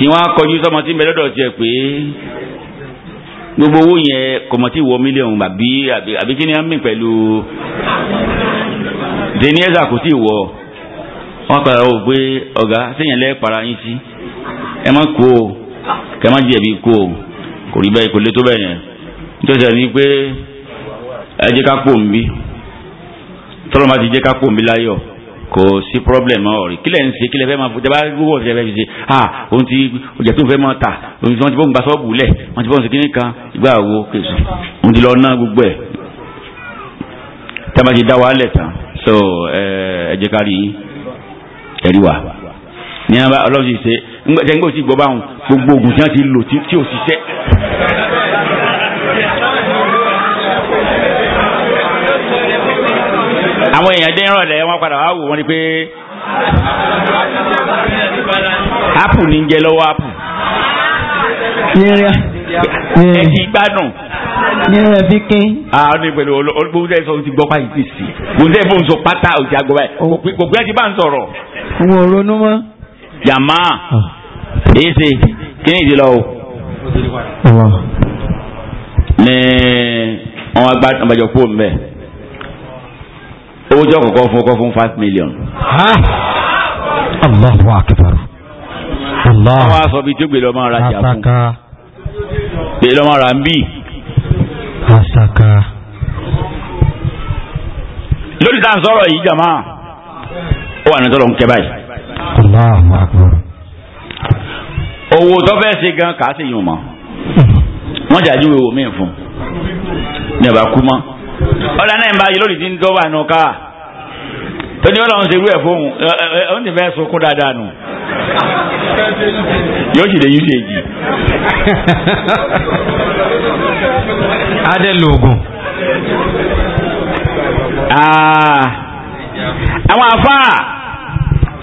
tí wọ́n á kọjú sọmọ tí ń bẹ lọ́dọ̀ tiẹ̀ pé gbogbo owó yẹn kọ̀mọ̀tì wọ mílíọ̀nù àbí àbí kí ni á mì pẹ̀lú denieza kò tí ì wọ wọn padà wò pé ọ̀gá sẹ́yìn lẹ́ẹ̀ para yín sí ẹ má kú o kẹ má jẹ̀bi kú o kò rí bẹ́ẹ̀ kò lè tó bẹ́ẹ̀ yẹn nítorí ẹni pé ẹ jẹ́ ká pò ń bí tọ́lọ́mà ti jẹ́ ká pò ń bí láyọ̀ kò sí problem ọ̀rì kílẹ̀ ń ṣe kílẹ̀ fẹ́ máa jaba gbogbo ọ̀sẹ̀ fẹ́ fi ṣe ha ohun tí ọjà tó ń fẹ́ máa ta ohun tí wọ́n ti bọ́ ń gba sọ́ọ̀bù lẹ̀ wọ́n ti bọ́ ń ṣe kíní kan ìgbà wo kèsì ohun ti lọ ná gbogbo ẹ̀ tábà ti dá wa lẹ̀ tán so ẹ jẹ́ ká rí ẹ̀rí wa ní abá ọlọ́run ti ṣe ǹgbẹ́ tí gbọ́ báwọn gbogbo oògùn tí wọ́n ti lò tí ò ṣiṣẹ́. àwọn èèyàn dé ìrọ̀lẹ́ wọn padà wá wò wọ́n ní pé apu ní jẹ lọ́wọ́ apu. ẹ gbádùn. yẹrẹ bí kín. a ní pẹ̀lú olùgbò oúnjẹ sọ ti gbọ́ pa ìdí sí oúnjẹ fún sọ pátá oh. òsì àgọ́ kò pẹ́ ti bá ń sọ̀rọ̀. n ò ronú mọ́. yàmá èsì ah. kí ni ìdílọ o. ní wọn gbàdúrà bàjọ́ owó jọ kọ̀ọ̀kan fún ọkọ̀ fún five million. Allahu akbar. Allah. wọ́n á sọ bíi tí ó gbé lọ́mọ ara jà fún. asaka. gbé lọ́mọ ara ń bì. asaka. lórí tá à ń sọ̀rọ̀ yìí jàmá ó wà ní tọ́lọ̀ ń kẹ́ báyìí. Allahu akbar. owó tó fẹ́ ṣe gan kà á sì yùn mọ́. Mm-hmm. wọ́n jà ju ìwò mi fún. ní ọba kú mọ́. ọ̀dà náà ń bá yìí lórí ti ń dọ́wà nù ká tóní ọlọ́run ṣe rú ẹ̀ fóun ó ní fẹ́ sunkún dáadáa nù yóò sì lè yí sí èjì. adé lóògùn. Ah. àwọn afáà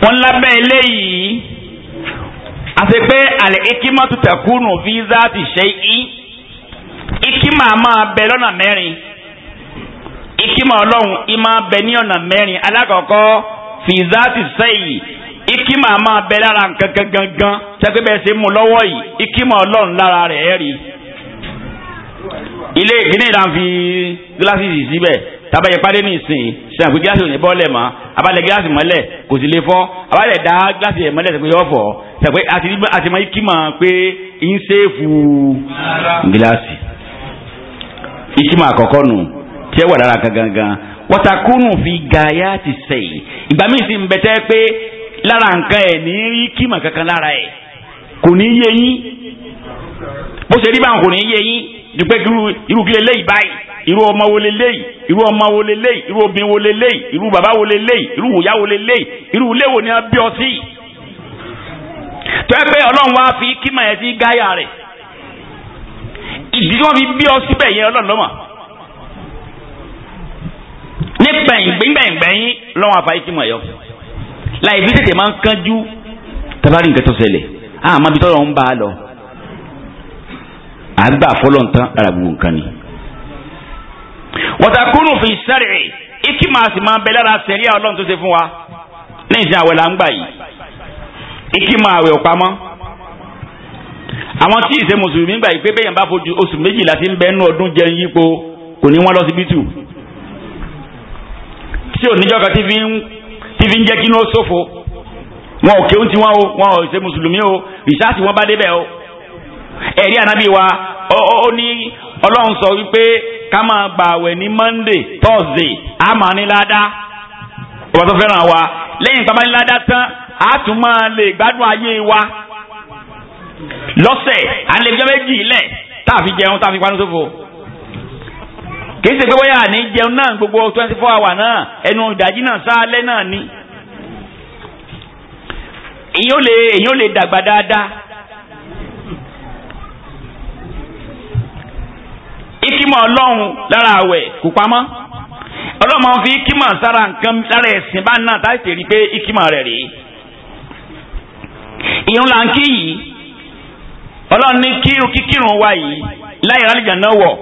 wọn lábẹ́ eléyìí àti pé àlẹ́ ikimọ́tò tẹ̀kùnù fíìsà ti ṣe é ikimọ̀ àmọ́ abẹ lọ́nà mẹ́rin. ikima ọlọ́run ima bẹ ní ọ̀nà mẹ́rin alákọ̀ọ́kọ́ fìzáàtì sẹ́yì ikima máa bẹ lára nǹkan gangan sẹ́pẹ́ bẹ́ẹ̀ ṣe mú lọ́wọ́ yìí ikima ọlọ́run lára rẹ̀ ẹ́ rí ilé ìdílé ìlànà fi gíláàsì yìí síbẹ̀ tàbá yẹ pàdé ní ìsìn ṣe àpò gíláàsì ò ní bọ́ọ̀lẹ̀ mọ́ abalẹ̀ gíláàsì mọ́lẹ̀ kò sì lè fọ́ abalẹ̀ dá gíláàsì yẹ mọ́lẹ̀ sẹ́pẹ́ yọ fọ́ sẹ́pẹ́ àti mọ́ ikima pé ń ṣèfù gíláàsì ikima àkọ́kọ́ nù tí ẹ wà lára gangan wọ́takùnù fi gaya ti sẹ́yìn ìgbà míì sì ń bẹ̀tẹ́ pé lára nǹkan ẹ̀ ní rí kímọ̀ kankan lára ẹ̀ kò ní yé yín bó ṣe rí báwọn kò ní yé yín dùpẹ́ irú kílẹ̀ lẹ́yìn báyìí irú ọmọ wo leléyìí irú ọmọ wo leléyìí irú obìnrin wo leléyìí irú bàbá wo leléyìí irú ìyá wo leléyìí irú ilé wo ni a bí ọ sí. tọ́ẹ́ pé ọlọ́run wá fi kímọ̀ ẹ̀ sí gáyà rẹ̀ ìdí tí wọ́n fi bí ọ síbẹ̀ yẹn ọlọ́run lọ́mọ̀ ní gbẹ̀ngbẹ̀ngbẹ̀yìn lọ́wọ́ àfàyè tí mo yọ láì fi tètè máa ń kánjú tabari nǹkan tó ṣẹlẹ̀ àmọ́ bí tọ́lọ́ ń bá a lọ àgbà fọlọ́ntàn arabu nǹkan ni. wọ́tàkùnù fi sẹ́rẹ̀ ikima sì máa bẹ lára sẹ́ríà ọlọ́run tó ṣe fún wa ní ìsìn àwẹ̀ là ń gbà yìí ikima àwẹ̀ ò pamọ́ àwọn tí ìṣe mùsùlùmí gbà yìí pé bẹ́ẹ̀ yẹn bá fojú oṣù méjìlá ti ń bẹ́ẹ̀ nú ọdún jẹun yípo kò ní wọ́n lọ síbítù tí ò níjọ́ kan tí fi ń jẹ́ kí ní ó ṣòfò wọn ò kéwù tiwọn o wọn ò ṣe mùsùlùmí o ìsáàsì wọn bá débẹ̀ o ẹ̀rí ànábì wa ó ní ọlọ́run sọ wípé ká máa gbààwẹ̀ ní monday thursday a máa ní ládàá ọba tó fẹ́ràn wa lẹ́yìn tá a bá ní ládàá tán a tún máa lè gbádùn ayé wa lọ́sẹ̀ à ń lè jẹ́ méjì lẹ̀ tá a fi jẹun tá a fi panu ṣòfò kì í ṣe pé bóyá àní jẹun náà gbogbo twenty four hour náà ẹnu ìdájí náà sáálẹ́ náà ni. èyí ò lè èyí ò lè dàgbà dáadáa. ìkímọ̀ ọlọ́run lára àwẹ̀ kò pamọ́ ọlọ́run máa fi ìkímọ̀ sára nǹkan lára ẹ̀sìn bá náà táyì tèrí pé ìkímọ̀ rẹ̀ rèé ìyẹn ń kí yìí ọlọ́run ní kírun kíkírun wa yìí láì rálìjà náà wọ̀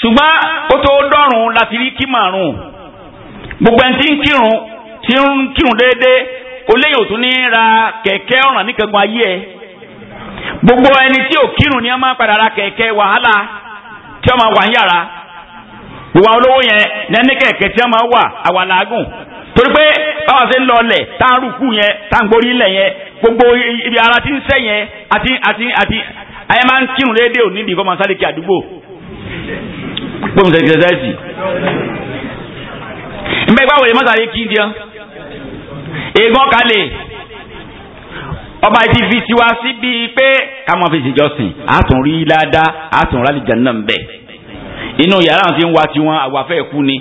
ṣùgbọ́n ó tó dọ́rùn láti rí kí màrún gbogbo ẹni tí ń kírun tí ń kírun déédéé oléyìn òtún ní ra kẹ̀kẹ́ ọ̀ràn níkankan ayé gbogbo ẹni tí ò kírun ni wọ́n máa padà ra kẹ̀kẹ́ wàhálà tí wà ń yàrá gbogbo àwọn olówó wà torí pé báwa ṣe ń lọ tá a rúkú yẹn tá a ń gborí yẹn gbogbo ibi ara ti ń yẹn ayé máa ń kírun léde òní nìkan máa sáré kí àdúgbò gbóhùn sẹ́kì sẹ́sẹ́sì. mbẹ́ gbáwò yẹn mọ́sálé kí ń dián eégún kalẹ̀ ọba ti fi tiwa síbi pé ká máa fi ṣèjọsìn àtúnrí ládàá àtúnrálì jẹ̀nà ń bẹ̀ inú yàrá àwọn tí ń wa tiwọn àwàfẹ́ kú ni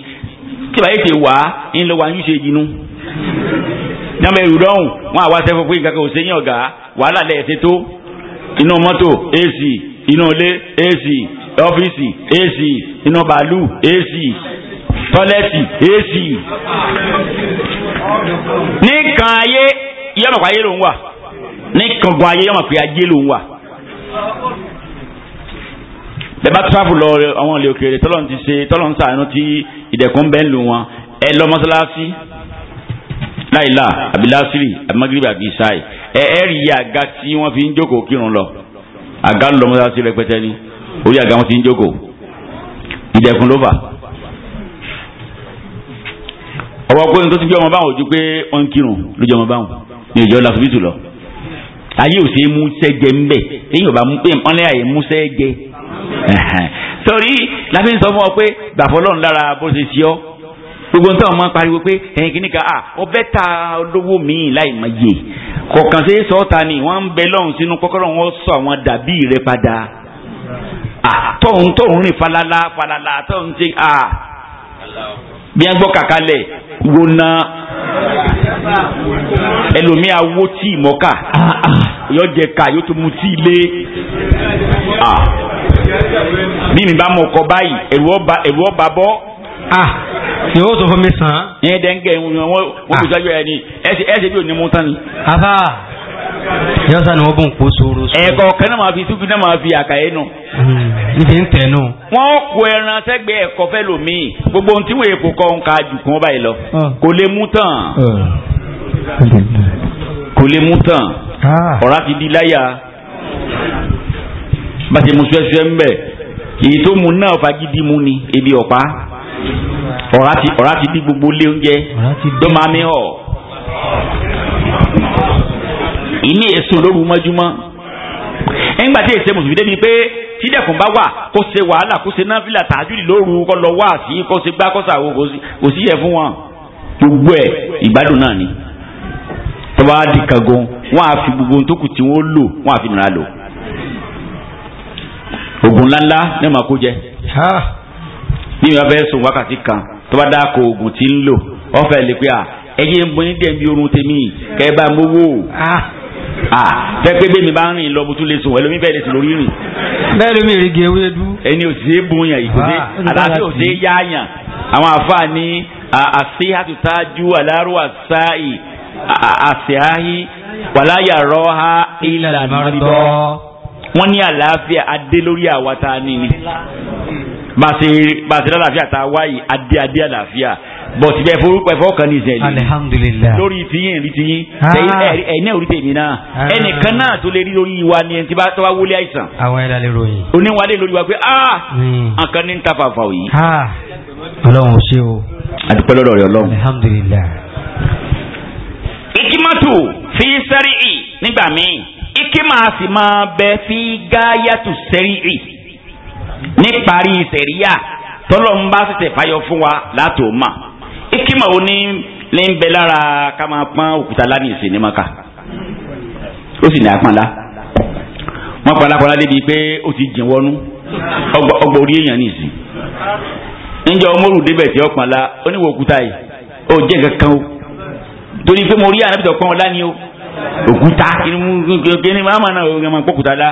tí báyìí ti wà á ń lọ wa ń ṣe jinú nyàmẹ́rù dọ́hùn wọn àwa sẹ́fọ́ pé nǹkan kan ò sẹ́yìn ọ̀gá wàhálà lẹ́ẹ̀ṣẹ̀ tó inú mọ́tò ac inú ilé ac ọ́fíìsì ac inú bàálù ac tọ́lẹ́tì ac. nìkan ayé yọmọ pé ayé ló ń wà nìkan gan ayé yọmọ pé ayé ló ń wà. bẹ́ẹ̀ bá tíráfù lọ àwọn ilé òkèèrè tọ́lọ́n ti ṣe tọ́lọ́n sàánú tí ìdẹ̀kùn bẹ́ẹ̀ ń lù wọn ẹ lọ mọ́sálásí láìláà àbí àbí magrebi àbí isai ẹ ẹ rí iye àga tí wọ́n fi ń jókòó kírun lọ àga lọ mọ́sálásí rẹpẹtẹ ni orí àga wọn ti ń jókòó ìdẹ̀kùn ló fà. ọwọ́ pé ní tó ti gbé ọmọ báwọn ojú pé wọ́n ń kírun lójú ọmọ báwọn ní ìjọ làkúbìtù lọ ayé ò sí mú sẹ́jẹ ńbẹ̀ èyí ò bá mú àyè mú sẹ́jẹ. torí láfi ń sọ fún ọ pé gbàfọ́ lọ́run lára bó ṣe ṣe ọ́ gbogbo nǹkan ọmọ pariwo pé ẹ̀yìn kìíní kan ọbẹ̀ ta olówó mi-ín láì mọ iye kọ̀ọ̀kan sí sọ́ọ̀ta ni wọ́n ń bẹ lọ́hùn sínú kọ́kọ́rọ́ wọn sọ àwọn dàbí rẹ padà tọ̀hún tọ̀hún rìn falala falala tọ̀hún ṣe bí wọ́n gbọ́ kàkálẹ̀ gbóná ẹlòmíì awó tí mọ́kà yóò jẹ ká yóò tún mu tí ilé bí mi bá mọ̀ ọkọ̀ báyìí ẹ̀rù ọba bọ́ ni o tó fún mi sàn. ìyẹn dẹ́ ń gẹ̀ ń wọ́n wọ́n kò ah. jájọ́ ẹ ni ẹsẹ̀ bí ò ní mú tán ni. afa yọ̀sán ni wọ́n bùn kó sóró. ẹ̀kọ́ kan náà máa fi túbí náà máa fi àkàyé nù. Hmm. n ti ń tẹ̀ nù. wọ́n kó ẹran sẹ́gbẹ́ ẹ̀kọ́ fẹ́ lòmíì gbogbo ohun tí wọ́n èkó kọ́ ń ka jù kún báyìí lọ ah. kò lè mú tán kò lè mú tán ah. ọ̀rá ti di láyà bá ti mú sẹ́sẹ́ ń bẹ̀ èyí tó mú náà fagídí mú ni ebi ọ̀pá ọ̀rá ti bí gbogbo lé oúnjẹ tó máa mi họ ìní èso lóru mọ́júmọ́ nígbà tí èsè mùsùlùmí débi pé tí dẹ̀kùn bá wà kó ṣe wàhálà kó ṣe náfìlà tàájúdì lóru kó lọ wá sí kó ṣe gbá kó ṣàwò kò sí yẹ fún wọn gbogbo ẹ̀ ìgbádùn náà ni tọ́ba di kangan wọ́n á fi gbogbo tó kù tí wọ́n lò wọ́n á fi nira lò oògùn ńláńlá ní ọmọ kó jẹ bí wọn fẹ́ sùn wákàtí kan tó bá dá ko oògùn tí ń lò ọfẹ lè pe à ẹyẹ ń bọ ní dẹ̀ bí oorun tèmi kẹ ẹ bá mú wò ah. à tẹ́pẹ́ bẹ́ẹ̀ mi bá ń rìn lọ mo tún lè sùn ẹlòmí bẹ́ẹ̀ lè sùn lórí rìn. bẹ́ẹ̀ ló mi rí igi ewé dú. ẹni ò sí bonyan ìkòdé àtàkì ò sí yáàyàn àwọn àfáà ní àṣìhàtútájú aláruwà sáì àṣìháhí wàláyà rọ́há ìlànà mọ́rọ́dọ́. wọ́n ní àlàáfíà adé lórí àwa tá a ní ni bàtí lálàáfíà tá a wáyé adé adé àlàáfíà bọ̀tí bẹ́ẹ̀ forúkọ ẹ̀fọ́ kan ní ìsẹ̀lẹ̀ alihamudulilayi lórí tiyín rí tiyín ah. ẹ̀yin orí tèmi náà ah. ẹnìkan náà tó lè rí lórí wa ni ẹni tí bá wá wọlé àìsàn. àwọn ẹ̀dá lè ròyìn. oníwàdé lórí wa pé aa nǹkan ní ta fàfà yìí. Ah. ọlọ́run ò ṣe o. àdúpẹ́ lọ́dọ̀ rẹ̀ ọlọ́run. alihamudulilayi. ìkímọ́tò fi sẹ́rí ì nígbà míì ìkímà sì máa bẹ fi gáyàtù sẹ́rí ì níparí sẹ̀ríyà tọ́lọ́n bá ṣẹ̀ṣẹ̀ fàyọ fún wa láti ò mà ìkímà ò ní ní ń bẹ lára ká máa pọ́n òkúta lánìí sí ní maka ó sì ní apọ́nlá wọ́n pa alákọ̀ọ́lá débi pé ó ti jìn wọnú ọgbà orí èèyàn nìyí sí níjọ mọ́rù débẹ̀ tí ó pọ́nlá ó ní wo òkúta yìí ó jẹ́ kankan o torí pé mo rí ànábìtọ̀ pọ́n ọ̀la ni o òkúta kí ni máa ma náà ó máa pọ́kúta la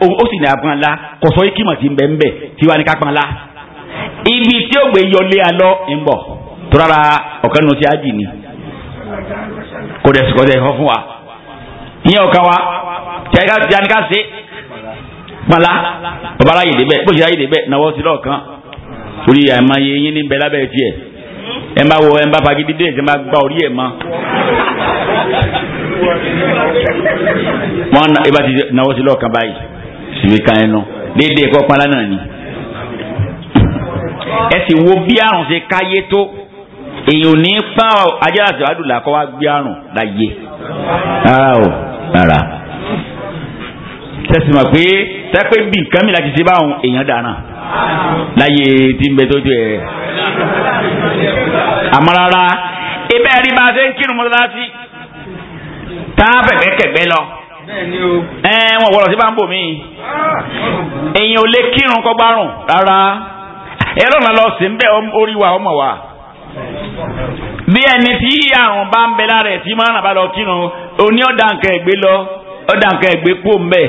ó sì ní apanla kò sọ ikímọ̀ tí ń bẹ ń bẹ tí wàá ní kápanla ibi tí ó gbé yọlé alọ́ ń bọ̀ tó rárá ọ̀kan nínú tí a jì ní kò dẹ̀ sùkọ́ dẹ̀ fún wa ìyẹn ọ̀kan wa tí a ní ká ṣe panla bàbá aráyè débẹ̀ bó ṣe débẹ̀ náwó sí lọ́ọ̀kan orí àìmọye yín ní bẹ lábẹ́ tiẹ̀ ẹ má wọ ẹ má fagidi dé ẹ má gba orí ẹ mọ. wọn ìbá ti náwó sí lọ́ọ̀kan báyìí mi kan ẹnu déédéé kọ́ pálá náà ni. ẹ sì wo bí àrùn ṣe káyé tó èyàn ò ní pa ajá àti àdùlà kọ́ wá gbé àrùn láyé rárá o rárá. tẹ̀sí mọ̀ pé tẹ́pẹ́ bí nǹkan mi láti ṣe báwọn èèyàn dáná láyé tí ń bẹ tójú ẹ̀. àmọ́ rárá ibẹ̀ rí bá a ṣe ń kírun mọ́tò láti tá a bẹ̀bẹ̀ kẹ̀gbẹ́ lọ ẹ wọn wọlọ sí Bambo ń bò mí ah. èyàn ò lè kírun kọ gbárùn rárá ẹrọ náà lọ sí nbẹ orí wa ọmọ wa bí ẹni tí àrùn bá ń bẹ lára ẹ tí máa ń bá lọ kírun oní ọ̀dà nǹkan ẹ̀gbẹ́ lọ ọ̀dà nǹkan ẹ̀gbẹ́ kú mbẹ.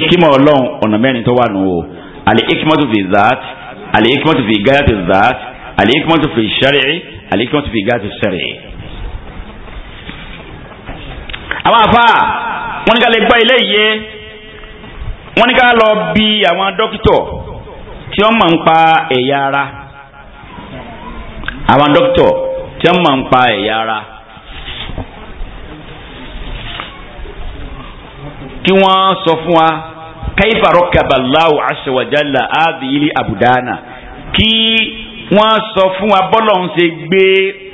ìkímọ̀ ọlọ́run ọ̀nà mẹ́rin tó wà nù o àlè ìkímọ̀ tó fi zaat àlè ìkímọ̀ tó fi gáyà tó zaat àlè ìkímọ̀ tó fi sẹ́rẹ̀ àlè ìkímọ̀ tó fi gáyà tó sẹ́rẹ̀ àwọn àfa wọn ní ká lè gbá ilé yìí wọn ní ká lọ bi àwọn dókítọ̀ tí wọ́n mọ̀ ń pa ẹ̀yà ara àwọn dókítọ̀ tí wọ́n mọ̀ ń pa ẹ̀yà ara kí wọ́n sọ fún wa kaifa rọ́kàbà Allahu azza wa jalla áàbìlì àbùdánà kí wọ́n sọ fún wa bọ́lọ̀ ń ṣe gbé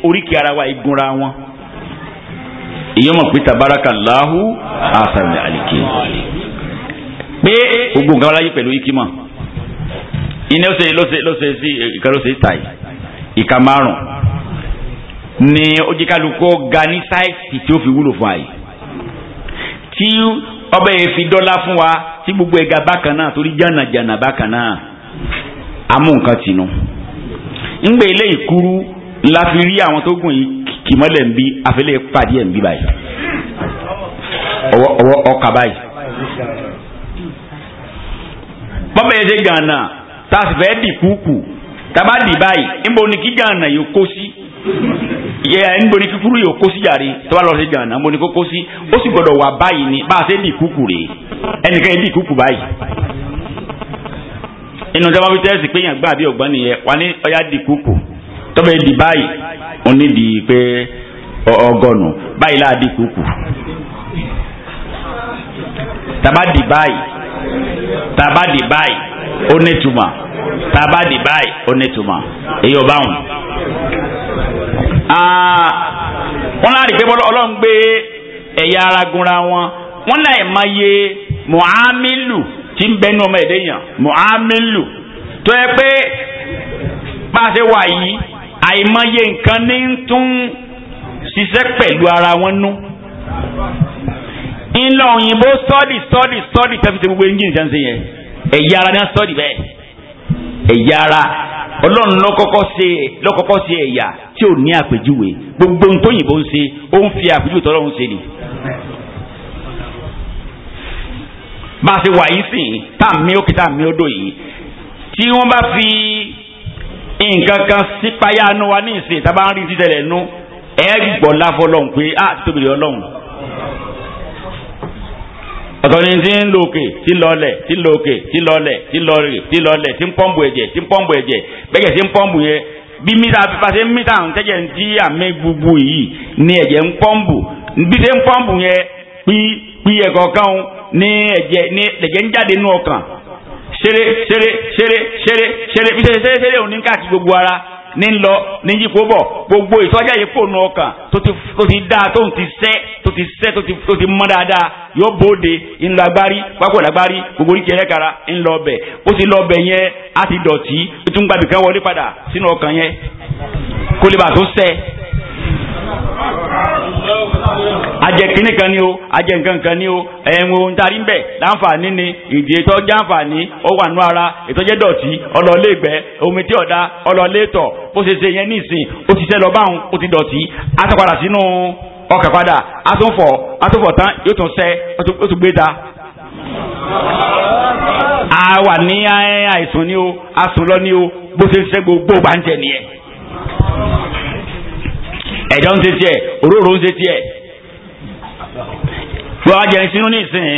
oríkì ara wa igunra wọn. ìyẹn mọ̀ pé tabaraka lahu asanul aliki pé gbogbo nǹkan wáyé pẹ̀lú ikima iná ṣe lọ́sẹ̀ lọ́sẹ̀ sí ìka lọ́sẹ̀ tàì ìka márùn ni ojúkálukọ́ ga ní sáìsì tí ó fi wúlò fún àyè tí ọbẹ̀ yẹn fi dọ́là fún wa tí gbogbo ẹ̀ga bákan náà torí bákan náà amú nǹkan la fi rí àwọn tó gùn yìí kì mọ́lẹ̀ ń bí àfẹ́lẹ́ pàdé ẹ̀ ń bí báyìí ọwọ́ ọwọ́ ọkà báyìí. bọ́mọ yẹn ṣe gànà tá a sì fẹ́ dì kúkú tábà dì báyìí níbo ni kí gànà yóò kó sí yẹ níbo ni kíkúrú yóò kó sí jàre tó bá lọ gànà níbo ni kó kó sí ó sì gbọdọ̀ wà báyìí ni bá a ṣe dì kúkú rè ẹnìkan yẹn dì kúkú báyìí inú tí fi tẹ́sí pé yàn gbà bí ọ̀gbọ́n nìyẹn wà ní ọ̀yá dì kúkú tọ́bẹ̀ di báyìí ó ní di pé ọgọ́nù báyìí láàdí kúkú tàbá di báyìí tàbá di báyìí ó ní tuma tàbá di báyìí ó ní tuma èyí ò bá wọn. wọ́n láti gbé bọ́lá ọlọ́run gbé ẹ̀yà ara gunra wọn wọ́n náà ẹ̀ máa yẹ tí ń bẹ́nu ọmọ ẹ̀dẹ́yàn muhamilu tó yẹ pé bá a ṣe wà yìí àìmọye nǹkan ní ń tún ṣiṣẹ́ pẹ̀lú ara wọn nú. ńlọ òyìnbó sọ́ọ̀dì sọ́ọ̀dì sọ́ọ̀dì tẹ́fi ṣe gbogbo engine ṣe ń ṣe yẹn ẹ̀yà ara ní wọ́n sọ́ọ̀dì bẹ́ẹ̀ ẹ̀yà ara ọlọ́run lọ́kọ́kọ́ ṣe lọ́kọ́kọ́ ẹ̀yà tí ò ní àpèjúwe gbogbo ohun tóyìnbó ń ṣe ó ń fi àpèjúwe tọ́lọ́run ṣe ni. bá a ṣe wà yìí sìn tá à ń ó kí tá ó dò yìí tí wọ́n bá fi nǹkan kan sípayá nu wa ní ìsìn tá a bá ń rí títẹ̀lẹ̀ nu ẹ gbọ́ láfọ́ lọ́hùn pé a ah, ti tóbi lọ́hùn. ọ̀tọ̀ ni ti ń lo òkè ti lọlẹ̀ ti lo òkè ti lọlẹ̀ ti lọlẹ̀ ti lọlẹ̀ ti ń pọ́ǹpù ẹ̀jẹ̀ ti ń pọ́ǹpù ẹ̀jẹ̀ bẹ́ẹ̀ ti ń pọ́ǹpù yẹn bí mítà pàṣẹ mítà ń tẹ́jẹ̀ ń tí àmì gbogbo yìí ni ẹ̀jẹ̀ ń pọ́ǹpù bí ti ń pọ́ǹpù yẹn pí pí ẹ̀kọ̀ọ̀kan ní ẹ̀jẹ̀ ní ẹ̀jẹ̀ ń jáde nú ọkàn ṣeré ṣeré ṣeré ṣeré ṣeré bí ṣeré ṣeré ṣeré òun ní káàkiri gbogbo ara ní lọ ní yípo bọ̀ gbogbo ìtọ́jà yìí kò nu ọkàn tó ti tó dá tó ti sẹ́ tó ti sẹ́ tó ti mọ́ dáadáa yóò bóde ńlọ agbárí pápọ̀ lágbárí gbogbo oríkì ẹlẹ́kara ńlọ ọbẹ̀ ó ti lọ ọbẹ̀ yẹn ajẹ kínní kan ni o ajẹ nǹkan kan ni o ẹ̀wọ̀n ohun tari ń bẹ̀ láǹfààní ni ìdí ètò ọjà àǹfààní ó wà nù ara ètò ọjẹ́ dọ̀tí ọlọ́ọ̀lẹ́gbẹ́ omi tí ọ̀dá ọlọ́ọ̀lẹ́tọ̀ bó ṣe ṣe yẹn nísìn ó ti ṣẹ́ lọ báwọn ó ti dọ̀tí àtọ̀padà sínú ọkà padà àtúnfọ̀ tán yóò tún ṣẹ́ ó tún gbé ta. a wà ní àìsàn ni o a sùn lọ ni o bó ṣe ṣe gbogbo bá nìyẹn ẹ̀dá ń ṣe tiẹ̀ òróró ń ṣe tiẹ̀ wọ́n ajẹ́ sínú nísìnyí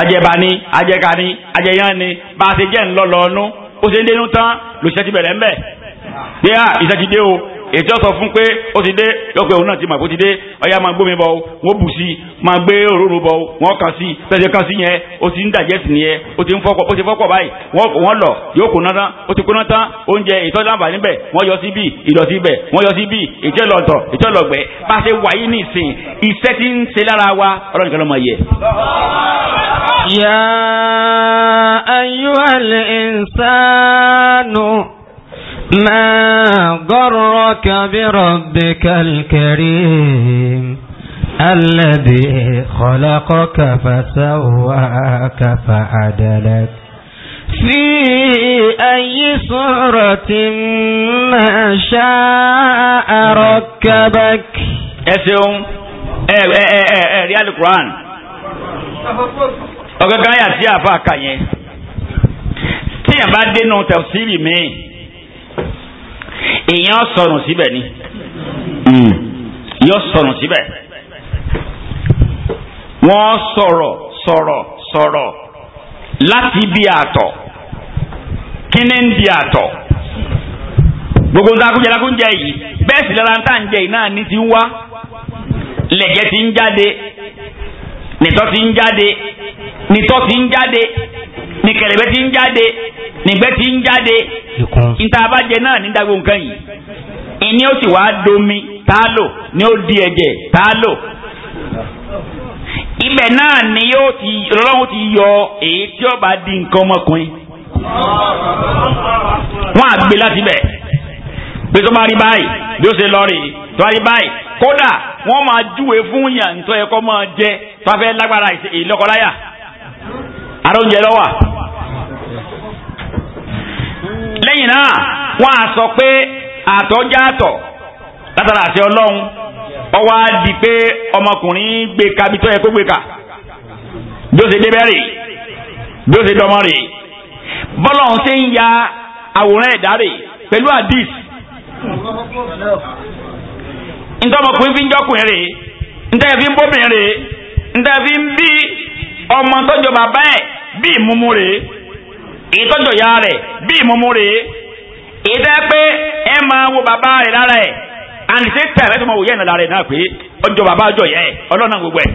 ajẹ́bani ajẹ́kani ajẹ́yánni bá a ṣe jẹ́ ńlọ́lọ́ọ́nú ó ṣe ń dénú tán lòṣìṣẹ́ ti bẹ̀rẹ̀ ńbẹ̀ bí i à ìṣẹ́ ti dé o ètò sọ fún pé ó ti dé yọpẹ òun náà ti mà kó ti dé ọyá máa gbómi bọ wọn bù sí máa gbé òróró bọ wọn kà sí tẹsẹ kà sí yẹn ó ti ń dàjẹsì nìyẹn ó ti ń fọkọ ó ti fọkọ báyìí wọn lọ yóò kóná tán ó ti kóná tán oúnjẹ ìtọ́jàmbá níbẹ̀ wọ́n yọ sí bí ìdọ̀tí bẹ̀ wọ́n yọ sí bí ìjẹ́lọ̀tọ̀ ìjẹ́lọ̀gbẹ́ bá ṣe wáyé ní iṣẹ́ ti ń ṣe lára wa ọlọ́run يا أيها الإنسان ما غرك بربك الكريم الذي خلقك فسواك فعدلك في أي صورة ما شاء ركبك أسهم ريال القرآن أقول yà sí àfáà kà yẹn tíyàn bá dénú tẹ̀síìrì èèyàn sọnù síbẹ̀ ni hmm. yóò sọnù síbẹ̀ wọ́n sọ̀rọ̀ sọ̀rọ̀ sọ̀rọ̀ láti bí àtọ̀ kíní ń di àtọ̀ gbogbo nǹkan akúnjẹ lakúnjẹ yìí bẹ́ẹ̀ sì lára ń tà ń jẹ yìí náà ní ti ń wá lẹ̀jẹ̀ ti ń jáde nìtọ́ ti ń jáde nìtọ́ ti ń jáde nìkẹ̀lẹ̀bẹ̀ ti ń jáde nìgbẹ́ ti ń jáde níta abájẹ náà ní dagbo nǹkan yìí ìní ó sì wá domi tá a lò ní ó di ẹ̀jẹ̀ tá a lò ibẹ̀ náà ni yóò ti ọlọ́run ti yọ èyí tí ó bá di nǹkan ọmọkùnrin wọn àgbẹ̀ láti bẹ̀ pé tó bá rí báyìí bí ó ṣe lọ rèé tó bá rí báyìí kódà wọ́n máa júwe fún yàn tó yẹ kó máa jẹ tó bá fẹ́ lágbára ìlọ́kọláyà àrùnjẹ lọ́wà. lẹ́yìn náà wọ́n á sọ pé àtọ̀jàtọ̀ látara àti ọlọ́run ọwọ́ á di pé ọmọkùnrin gbé ka bí tó yẹ kó gbé ka bí ó ṣe débẹ̀ rèé bí ó ṣe dọmọ rèé bọ́lọ̀ ń ṣe ń ya àwòrán ẹ̀dá rèé pẹ̀lú àdìs ntọ́mọkùnrin fi ń jọkùnrin rè ntẹ́ fi ń bóbìnrin rè ntẹ́ fi ń bí ọmọ tọ́jọ bàbá ẹ̀ bí ìmúmú rè ìtọ́jọ ya rẹ̀ bí ìmúmú rè ìtẹ́ pé ẹ máa wo bàbá rẹ̀ lára ẹ̀ and ṣe tẹ̀ ẹ̀ tó máa wò yẹ́ ẹ̀ lára ẹ̀ náà pé ọjọ́ bàbá ọjọ́ yẹ ẹ̀ ọlọ́nà gbogbo ẹ̀.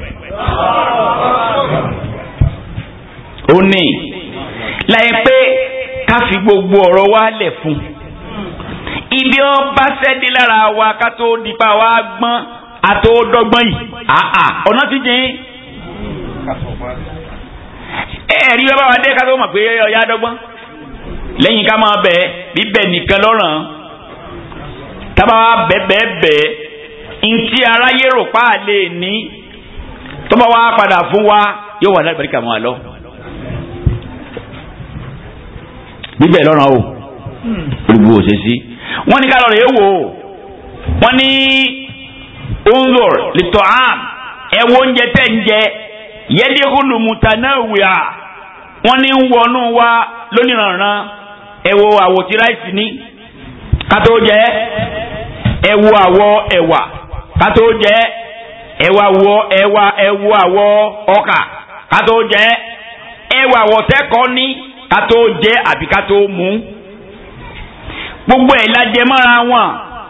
ó ní láì pé ká fi gbogbo ọ̀rọ̀ wa lẹ̀ fún un ibi ọ bá sẹ́dí lára wa ká tó dipa wa gbọ́n àtòdọ́gbọ́n yìí àà ọ̀nà ti jìn. ẹ̀rí bá wa dé ká tó mọ̀ pé ọ̀yá dọ́gbọ́n lẹ́yìn ká máa bẹ̀ bíbẹ̀ nìkan lọ́ràn tábà wa bẹ̀ bẹ̀ bẹ̀ ntí aráyé rò pa àlè ní tọ́ba wa padà fún wa yóò wà lálùbáríkà mọ́ àlọ́. bíbẹ̀ lọ́ràn o olùgbò òṣèṣì. wọ́n ní ká lọ rè é wò ó wọ́n ní unzor litoam ẹ oúnjẹ tẹ̀ ń jẹ yẹ́dí hulumuta náà wíwá wọ́n ní ń wọnú wa lónìrànràn ẹ àwọ̀ tí ráìsì ní kátó jẹ́ ẹ àwọ̀ ẹ̀wà kátó jẹ́ ẹ wo ẹ̀wà gbogbo ẹ̀ mọ́ra wọn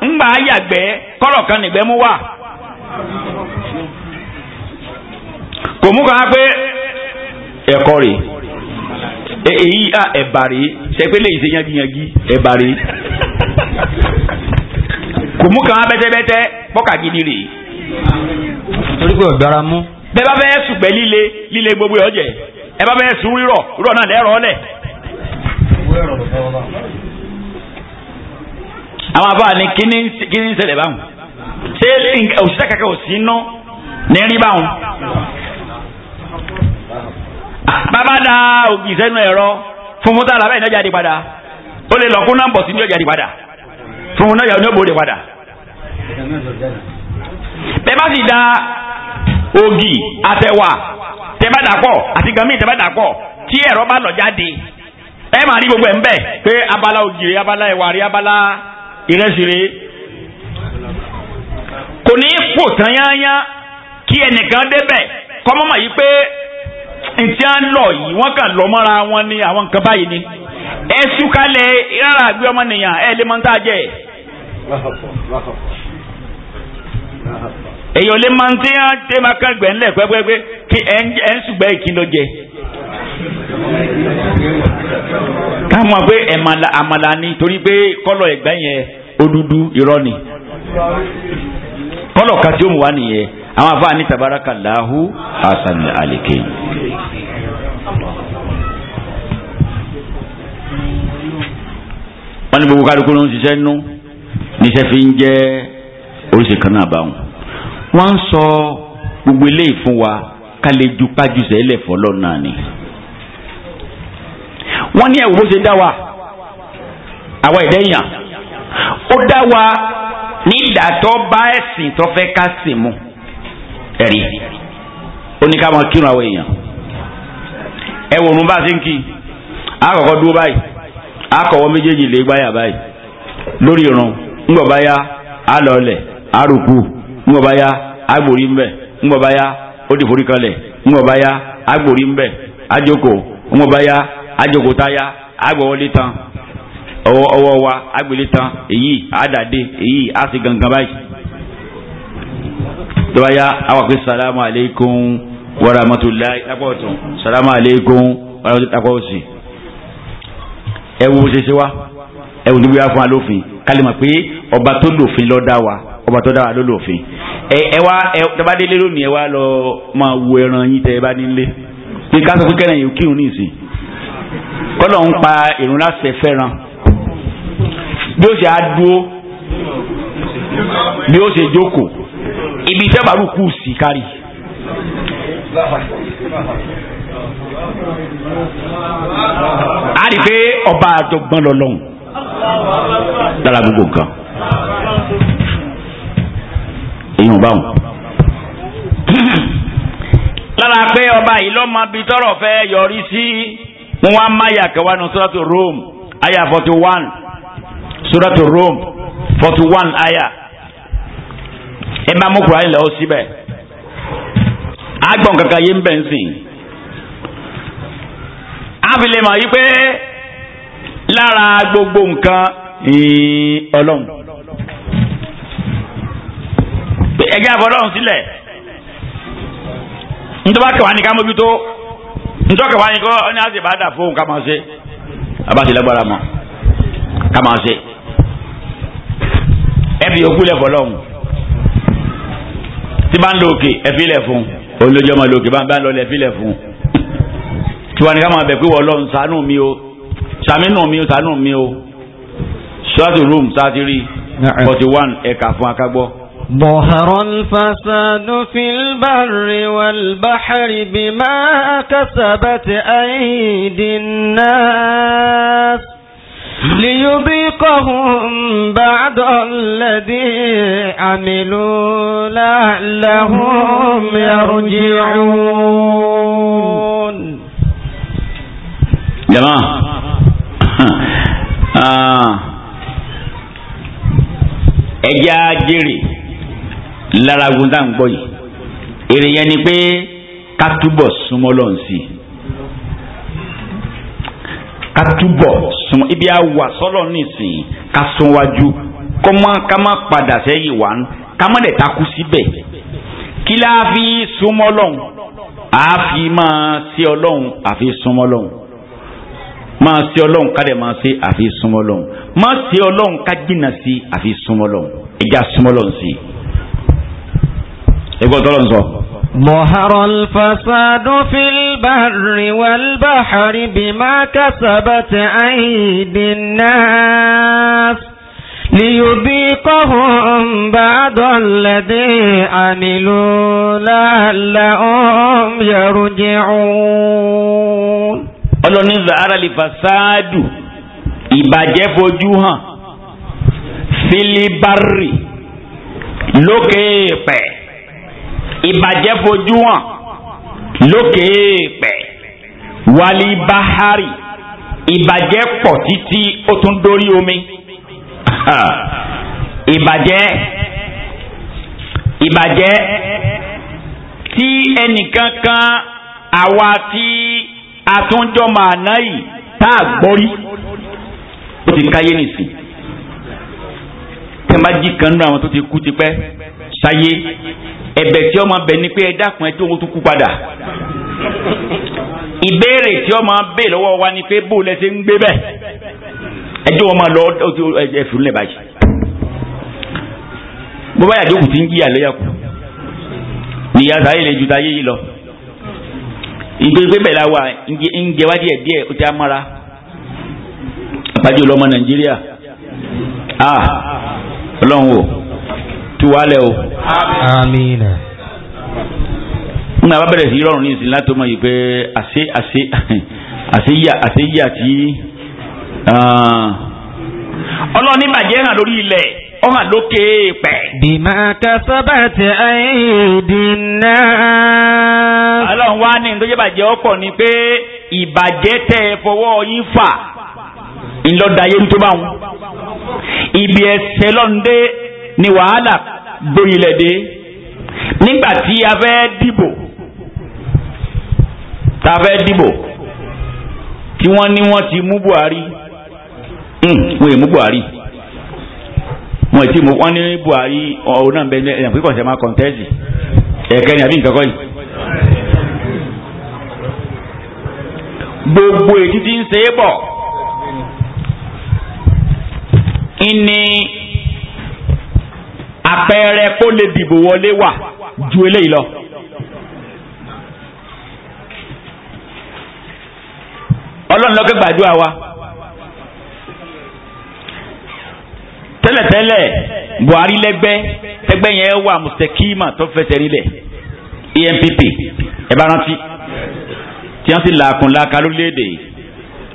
ńgbà ayàgbẹ́ kọ́rọ̀ kan nìgbẹ́ mú wà. kò mú kan pé ẹ̀kọ́ rè e, èyí à ẹ̀bà rè sẹ́pẹ́lẹ́ yìí ṣe yangiyangi ẹ̀bà rè kò mú kan bẹ́tẹ́bẹ́tẹ́ bọ́kà gidi rè. torí pé gbogbo ẹ̀ ẹ bá sùn rírọ̀ rírọ̀ náà lẹ́rọ̀ àwọn àbá ni kíní kíní ṣẹlẹ̀ báwọn ṣé òṣìṣẹ́ kankan ò sí ná ní rí báwọn. bàbá da ògì sẹ́nu ẹ̀rọ funfun tá a làbẹ́ ìnájà di padà ó lè lọ kún náà bọ̀ sí ní ọjà di padà funfun náà yà ní òbòde padà. bẹ́ẹ̀ bá sì da ògì àtẹ̀wà tẹ̀bádàpọ̀ àti gàmí tẹ̀bádàpọ̀ tí ẹ̀rọ bá lọ jáde ẹ máa rí gbogbo ẹ̀ ń bẹ̀ pé abala ògì abala ẹ̀wà rí abala ìrẹsì rèé kò ní fò tán yányá kí ẹnìkan débẹ̀ kọ́mọ́mọ́ yìí pé ntí à ń lọ yìí wọ́n kàn lọ mọ́ra wọn ní àwọn nǹkan báyìí ni ẹ súkalẹ̀ rárá àgbé ọmọnìyàn ẹ lè máa ń tà jẹ́ èyí ò lè máa ń tí à ń tẹ́ máa kán gbẹ̀ ńlẹ̀ pẹ́pẹ́pẹ́ kí ẹ ń sùgbẹ́ ìkí ló jẹ. ká mọ̀ pé àmàlà ni torí pé kọ́lọ̀ ẹ̀gbẹ́ yẹn Odudu dúdú irọ́ ni kọ́lọ̀ kan tí ó mú wá nìyẹn àwọn afáàní tabarakallahu hasan alike. wọ́n ní gbogbo kálukú ló ń ṣiṣẹ́ nú níṣẹ́ fi ń jẹ́ oríṣi kan náà wọ́n ń sọ gbogbo eléyìí fún wa ká lè ju pájùsẹ̀ ẹlẹ̀ fọlọ́ náà ni. wọ́n ní bó ṣe dá wa àwa ìdẹ́yìn à. ó dá wa ní ìdàtọ́ bá ẹ̀sìn tó fẹ́ ká sìn mu ẹ̀rí ó ní ká máa kírun àwọn èèyàn ẹ wò ó bá a ṣe ń kí a kọ́kọ́ dúró báyìí a kọ́wọ́ méjèèjì lé gbáyà báyìí lórí irun ńgbọ̀ báyà yá lọ ọlẹ̀ rùkú ńgbọ̀ ńgbọ̀ ó di forí ọwọ́ ọwọ́ wa agbèlè tán èyí àdàdé èyí á sì gangan báyìí. tọ́ba yá awàpé salamu aleykum wa rahmatulahi lápá ọ̀tún salamu aleykum wa rahmatulahi lápá òsì. ẹ wo ṣe ṣe wa ẹ wò níbi wá fún wa lófin kálí mọ̀ pé ọba tó lòfin ló dá wa ọba tó dá wa ló lòfin. ẹ ẹ wá ẹ tọ́ba délé lónìí ẹ wá lọ máa wo ẹran yín tẹ ẹ bá nílé kí ká sọ pé kẹrin yìí kírun ní ìsìn kọ́lọ̀ ń pa ìrún láṣẹ fẹ́ràn bí ó ṣe á dúó bí ó ṣe jókòó ibi iṣẹ́ bàrúkú sí kárì. a rí i pé ọba àjọgbọ́n lọ́lọ́hún dára gbogbo nǹkan èyí ò báwọn. lára pé ọba yìí lọ́mọ bíi tọ́rọ̀ fẹ́ yọrí sí wọn wá máyà kẹwàá nù sọ́tò Rome aya forty one suratu rum forty one aya ẹ bá mú kura yín lọ síbẹ̀ agbọ̀n kankan yé ń bẹ̀ ń sìn àfilẹ̀ mọ̀ yí pé lára gbogbo nǹkan ọlọ́run ẹgbẹ́ àfọlọ́run sílẹ̀ ntọ́ba kẹwàá ni ká mójútó ntọ́ kẹwàá ni kọ́ ọ́ ní àti ìbádà fóun ká máa ṣe abá lágbára mọ́ ká máa ṣe ẹ fi yòókù lẹ̀ fọlọ́hún tí bá ń lo òkè ẹ fi fún olójú ọmọ lòkè bá ń lọ lẹ̀ fi lẹ̀ fún tiwa ká máa bẹ̀ pé wọ́n lọ́hún mi o ṣàmínú mi o ṣàánú mi o ṣáàtì rúùmù ṣáàtì forty one ẹ̀ka fún akágbọ́. ظهر الفساد في البر والبحر بما كسبت أيدي الناس ليذيقهم بعد الذي عملوا لعلهم يرجعون جماعة ẹjẹ́ ajérè lára agun tá à ń gbọ́ yìí èrè yẹn ni pé ká túbọ̀ súnmọ́ lọ́n sí i ká túbọ̀ sùn ibi àwà sọ́lọ̀ nìsín ká sún wájú ká má padà sẹ́yìn wá ká má lè takú síbẹ̀ kí la fi súnmọ́ lọ́hùn a fi máa ṣe ọlọ́hùn àfi súnmọ́ lọ́hùn máa ṣe ọlọ́hùn ká lè máa ṣe àfi súnmọ́ lọ́hùn máa ṣe ọlọ́hùn ká jìnnà sí ظهر الفساد في البر والبحر بما كسبت أيدي الناس ليذيقهم بعض الذي عملوا لعلهم يرجعون ọlọ́ni zahara lè fasádù ìbàjẹ́ fojú hàn filibari lókè pẹ̀ ìbàjẹ́ fojú wọn lókè èèpẹ̀ wálé báhárì ìbàjẹ́ pọ̀ títí ó tún dórí omi ìbàjẹ́ ìbàjẹ́ tí ẹnìkankan àwa tí atúnjọ́ máa ná yìí tá a gbọ́rí ó ti káyé nìsín tẹ́ máa jí kan nínú àwọn tó ti kú tipẹ́ sáyé ẹ̀bẹ̀ tí ọmọ bẹ ni pé ẹ dákun ẹ tí òun tún kú padà ìbéèrè tí ọmọ bẹ lọ́wọ́ wa ni pé bó lẹ ṣe ń gbé bẹ ẹ jẹ́ ọmọ lọ ẹ fi lẹ̀ báyìí bó bá yàgé òkú ti ń jìyà lọ́yà kù nìyá sáyé lè ju táyé yìí lọ nítorí pé bẹ́ẹ̀ ń jẹ wá díẹ̀ díẹ̀ ó ti á mọ́ra àpájọ lọ́mọ Nàìjíríà ah ọlọ́run tuwalẹ o. amiina. n nana bẹ̀rẹ̀ sí rọrùn ní ìsìn láti mọ̀ yìí pé àṣe àṣe àṣe yíyà àṣe yíyà tí ah, ọlọ́ọ̀ni bàjẹ́ hàn lórí ilẹ̀ ó hàn lókè pẹ̀. bima kasabat aydin nas. ọlọ́run wá ní nítorí bàjẹ́ ọkọ̀ ni pé ìbàjẹ́ tẹ́ fọwọ́ yín fà ńlọ́dà ayé tó bá wọn. ibi ẹsẹ̀ lọ́ndé ni wàhálà gboyìnlẹ̀ dé nígbà tí a fẹ́ dìbò tá a fẹ́ dìbò tí wọ́n ní wọ́n ti mú Buhari wọ́n èmú Buhari wọ́n ti mú wọ́n ní Buhari ọ̀hún náà bẹ́ẹ̀ ẹ̀yàn pé kọ̀ọ̀sẹ̀ máa kọ̀ǹtẹ́ẹ̀sì ẹ̀kẹ́ ni àbí nǹkan kọ́ yìí. gbogbo ètí ti ń ṣe é bọ̀ ìní àpẹẹrẹ kó lè dìbò wọlé wà ju eléyìí lọ. ọlọ́run lọ́kẹ́ gbàdúrà wa. tẹ́lẹ̀tẹ́lẹ̀ buhari lẹ́gbẹ́ tẹ́gbẹ́ yẹn wà mustekima tó fẹsẹ̀ rílẹ̀ ENPP ẹ bá rántí tí wọ́n ti làákùn làákà lórílẹ̀‐èdè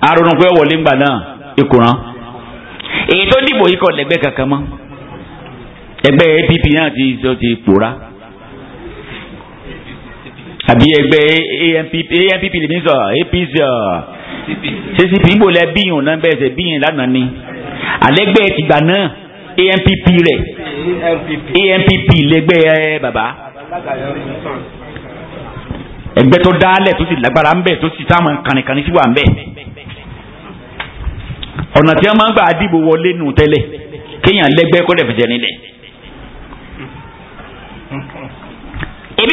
arúgbó wọlé ńgbà náà ikùn rán èyí tó dìbò yìí kò lẹ́gbẹ́ kankan mọ́ ẹgbẹ́ APP náà ti sọ ti pòórá àbí ẹgbẹ́ ANPP ANPP lè mi sọ APC ccp ń bò lẹ bíyàn náà bẹ́ẹ̀ sẹ́ bíyàn lánàá ni àlẹ́gbẹ́ tìgbà náà ANPP rẹ̀ ANPP lẹ́gbẹ́ bàbá ẹgbẹ́ tó dálẹ̀ tó sì lágbára ń bẹ̀ tó sì táwọn kànìkànì sí wà ń bẹ̀ ọ̀nà tí wọ́n máa ń gbà dìbò wọlé nù tẹ́lẹ̀ kéèyàn lẹ́gbẹ́ kó lè fìjẹ́ nílẹ̀.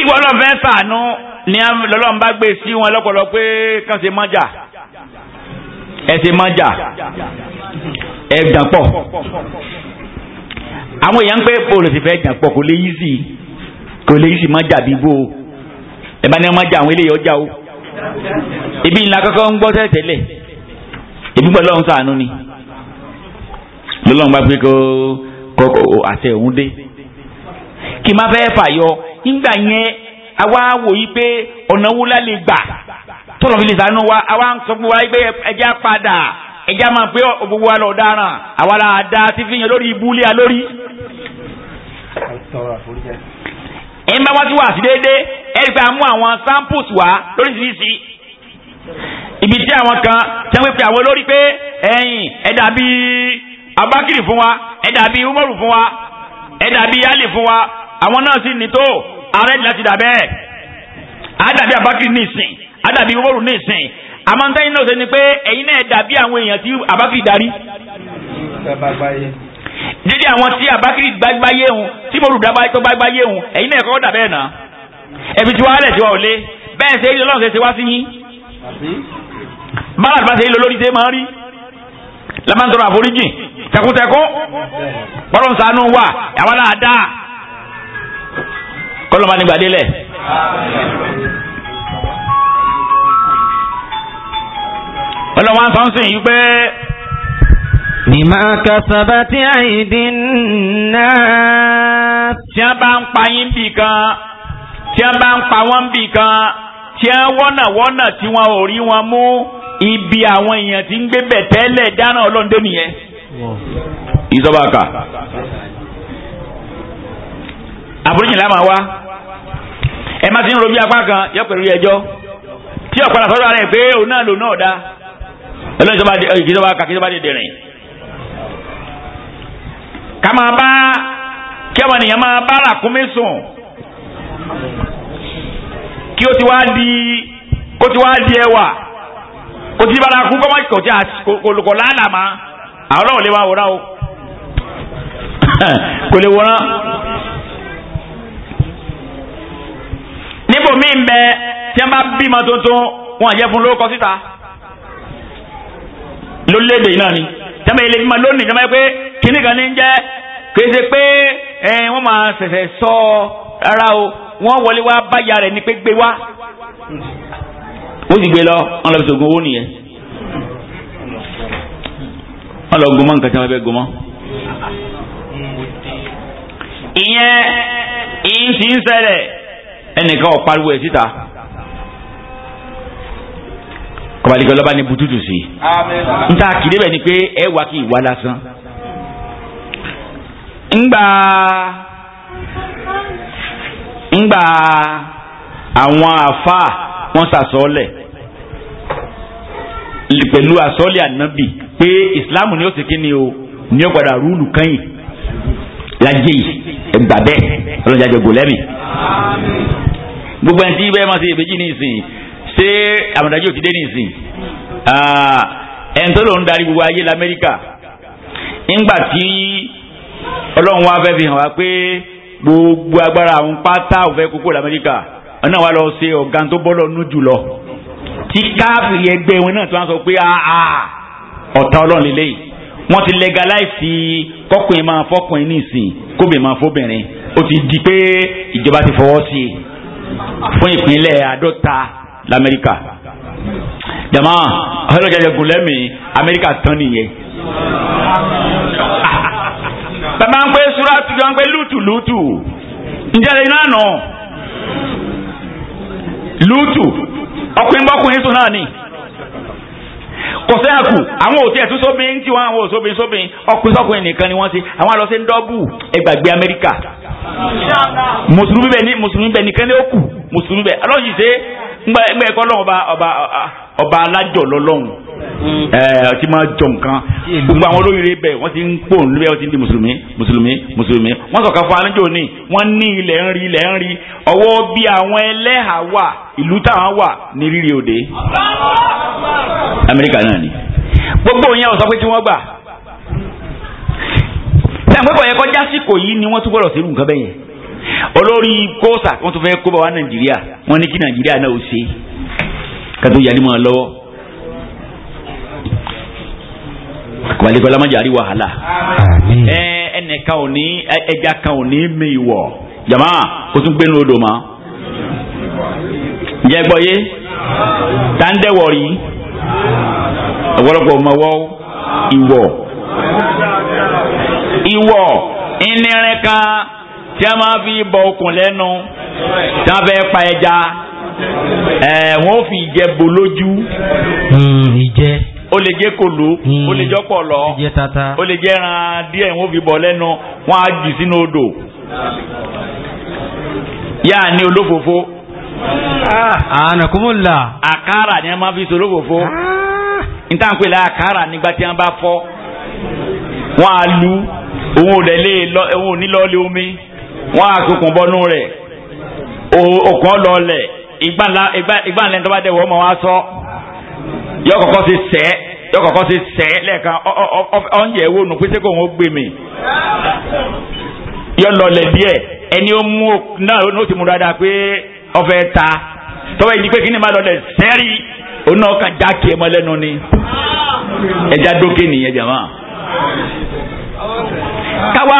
torí ìwọ ọlọ́run fẹ́ sànú ni ọlọ́run bá gbé sí wọn lọ́pọ̀lọ́ pé kàn ṣe mọ́jà ẹ ṣe mọ́jà ẹ dàn pọ̀ àwọn èèyàn ń pẹ́ bóòlù sì fẹ́ dàn pọ̀ kò lè yí sí kò lè yí sí mọ́jà bí bó ẹ bá ní mọ́jà àwọn eléyìí ọjà o ibi ńlá kọ́kọ́ ń gbọ́ tẹ́tẹ́lẹ̀ ibi pẹ̀lú ọ̀hún sànú ni lọ́lọ́run bá pé kó àṣẹ òun dé kí n má fẹ́ fàyọ ńgbà yẹn awa wò yí pé ọ̀nà wo la lè gbà tọ́lọ̀ fi lè sànú wa àwa ń sọ fún wa pé ẹja padà ẹja máa pé gbogbo wa lọ dáràn àwa la da fífi yẹn lórí ibúlé a lórí. ẹ̀ ń bá wá sí wà sí déédéé ẹ̀ rí pé a mú àwọn samples wá lóríṣiríṣi ibi tí àwọn kan tí wọ́n pe àwọn olórí pé ẹ̀yin ẹ dàbí Abakiri fún wa ẹ dàbí Umaru fún wa ẹ dàbí Ali fún wa àwọn náà sì ní tó ààrẹ láti dà bẹ́ẹ̀ àdàbí abakiri ní ìsìn àdàbí wọ́ọ̀rù ní ìsìn àmọ́ntẹ́yìn náà ṣe ni pé ẹ̀yin náà dàbí àwọn èèyàn tí abakiri darí. jíjí àwọn tí abakiri gbágbáyé òun tí mo rù dábàá tó gbágbáyé òun ẹ̀yin náà kọ́kọ́ dà bẹ́ẹ̀ náà ẹ̀bi tí wàá lẹ̀ tí wàá ò lé bẹ́ẹ̀ ṣe ilé ọlọ́run ṣe ṣe wá sí yín. bára àdúrà ṣe ilé olórí ṣe máa rí lamantoro àforíjì tẹkutẹku bọ́lọ̀ kọ́lọ́mà nígbà délẹ̀. ọlọ́wọ́n á sọ́nsìn yìí pé. Bima kasabati aidin nas. Tí a bá ń pa yín bì kan, tí a bá ń pa wọ́n bì kan, tí a wọ́nà wọ́nà tí wọn ò rí wọn mú, ibi àwọn èèyàn ti ń gbé bẹ̀ tẹ́lẹ̀ dáná ọlọ́ndé nìyẹn. Ìsọba àforíjì la máa wá ẹ má ti ń rojú apá kan yọ pẹ̀lú ẹjọ́ tí ọ̀pọ̀ àtọ́jú ara ẹ̀ pé òun náà lò náà dá ẹlọ́yìn tó bá di ẹ̀yìn tó bá kà kí tó bá di dìrìn. ká máa bá kí ọmọ nìyẹn máa bá làkúnmí sùn kí ó ti wá di kó ti wá di ẹwà kó ti bára kú kọ́mọ́ kò tí a kò lálàmà àwọn ọlọ́wọ́ lè wá wòrán o kò lè wòrán. níbo mí ń bẹ tí wọ́n bá bímọ tuntun wọn àjẹ́ fún lórúkọ síta lórílẹ̀‐èdè yìí náà ni tí wọ́n bá yẹ lè bímọ lónìí tí wọ́n bá yẹ pé kíní kan ní ń jẹ́ kì í ṣe pé máa ṣẹ̀ṣẹ̀ sọ rárá o wọ́n wọlé wá báyà rẹ̀ ní pé wá ó sì gbé lọ wọn lọ fi sògùn owó nìyẹn wọn lọ gomọ nǹkan tí wọn fẹ́ gomọ. ìyẹn ìyìn sì ń ṣẹlẹ̀ ẹnìkan ò pariwo ẹ̀ síta kọ̀bálíkẹ́ ọlọ́ba ní bututu sí i nta kìdé bẹ́ẹ̀ ni pé ẹ wá kí ìwà lásán ńgbà ńgbà àwọn àfa wọn sàsọọlẹ pẹ̀lú àsọọlẹ ànábì pé ìsìláàmù ni ó ti kí ni o ní ó padà rúùlù kẹ́yìn lájẹ́ yìí ẹgbà bẹ́ẹ̀ ọlọ́jà jẹ gòlẹ́mì. gbogbo ẹni tí bẹ́ẹ̀ máa ṣe èbèjì ní ìsìn ṣé àmọ̀dájú ò ti dé ní ìsìn ẹni tó lòún darí gbogbo ayé lamẹ́ríkà ńgbà tí ọlọ́run wá fẹ́ fi hàn wá pé gbogbo agbára àwọn pátá òfẹ́ kókó lamẹ́ríkà ọ̀nà wa lọ ṣe ọ̀gá tó bọ́ lọ́nu jùlọ tí káàfì ẹgbẹ́ wọn náà tó wá sọ pé ọ̀tá ọlọ́run lélẹ́yìí wọ́n ti legalize kọ́kùnrin máa fọ́kùnrin nísìn kóbìnrin máa fóbìnrin ó ti di pé ìjọba ti fọwọ́ sí i fún ìpínlẹ̀ àádọ́ta lamẹ́ríkà jama ọlọ́jàjà gùnlẹ́mì amẹ́ríkà tán nìyẹn. bàbá ń pẹ́ sura tuntun ń pẹ́ lùtù lùtù ǹjẹ́ ẹ̀yin náà nọ lùtù ọkùnrin bọ́kùnrin sùn náà ni kọ̀sẹ́ẹ̀kù àwọn òtí ẹ̀tún sóbin tí wọ́n àwọn òsóbin sóbin ọkùnrin sọ́kùnrin nìkan ni wọ́n ti àwọn àlọ́sẹ̀ ń dọ́bù ẹgbàgbé Amẹ́ríkà mùsùlùmí bẹ̀ nìkan ni ó kù mùsùlùmí bẹ̀ alọ́yìí ṣe ngbà ẹgbẹ́ ẹ̀kọ́ lọ́wọ́ ọba ọba ọba alájọ mm. ẹ ọtí máa jọ nǹkan gbogbo àwọn olóyèrè bẹ́ẹ̀ won ti ń pò ń lóyè ti ń di mùsùlùmí mùsùlùmí mùsùlùmí wọ́n fún alájọ ni won ní ilẹ̀ ń rí ilẹ̀ ń rí ọwọ́ bí àwọn ẹlẹ́hà wà ìlú táwọn wà ní rírì òde. Amẹ́ríkà náà ni gbogbo yẹn ọ̀sán pé kí wọ́n gbà yẹn kọjá ni wọ́n tún gbọ́dọ̀ sí irú olórí kóòsà wọn tún fẹ́ kó bá wa nàìjíríà wọn ní kí nàìjíríà náà ó ṣe kátó yàrá mọ́ lọ́wọ́ kọ́balẹ̀ máa jàrí wàhálà ẹ ẹnìkan ò ní ẹja kan ò ní mi jama kó tún gbé odò mọ́ ǹjẹ́ gbọ́ rí tí a máa fi bọ okùn lẹ́nu tí a fẹ́ pa ẹja ẹ̀ wọ́n fi ìjẹ bo lójú. Hmm, ìjẹ. ó lè jẹ́ kòló hmm, ó lè jẹ́ pọ̀lọ́ ó lè jẹ́ ẹran díẹ̀ wọ́n fi bọ̀ lẹ́nu wọ́n á jù sínú odò. yáà ní olófòfó. Ah, ànàkúmọ̀lá. àkàrà ni a máa fi sọ olófòfó. Ah. níta ń pè lẹ́ àkàrà nígbà tí wọ́n bá fọ́ wọ́n á lu òun ò lè lé òun ò ní lọ́ọ́ lé omi. wọ́n á sokùn bọ́nú rẹ̀ òkun ọlọ́ọ̀lẹ̀ ìgbà ńlẹ̀ tó bá dẹ̀ wọ́n mọ̀ wá sọ yọ kọ̀kọ́ ti sẹ́ yọ ọ ọ ọ ọ ọ ọ nù pèsè kò wọ́n gbé mi yọ lọ́ọ̀lẹ̀ díẹ̀ ẹni ó mú ọ ó ọ ẹja dókè nìyẹn káwa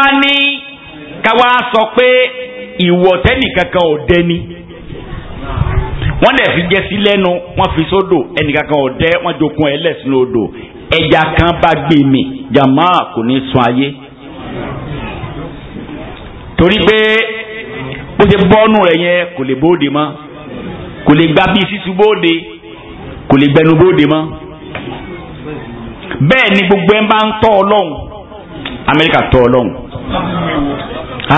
káwá sọ pé ìwọ̀tẹ́nì kankan ò dẹni wọ́n dẹ̀ fi jẹ sí lẹ́nu wọ́n fi sódò ẹnìkankan ò dẹ wọ́n jokun ẹ̀ lẹ́sìn odò ẹja kan bá gbé mi jàmá kò ní sun ayé torí pé bó ṣe bọ́ọ̀nù rẹ̀ yẹn kò lè bóde mọ́ kò lè gba bíi sísun bóde kò lè gbẹnu bóde mọ́ bẹ́ẹ̀ ni gbogbo ẹ̀ bá ń tọ́ ọlọ́run amẹ́ríkà tọ́ ọlọ́run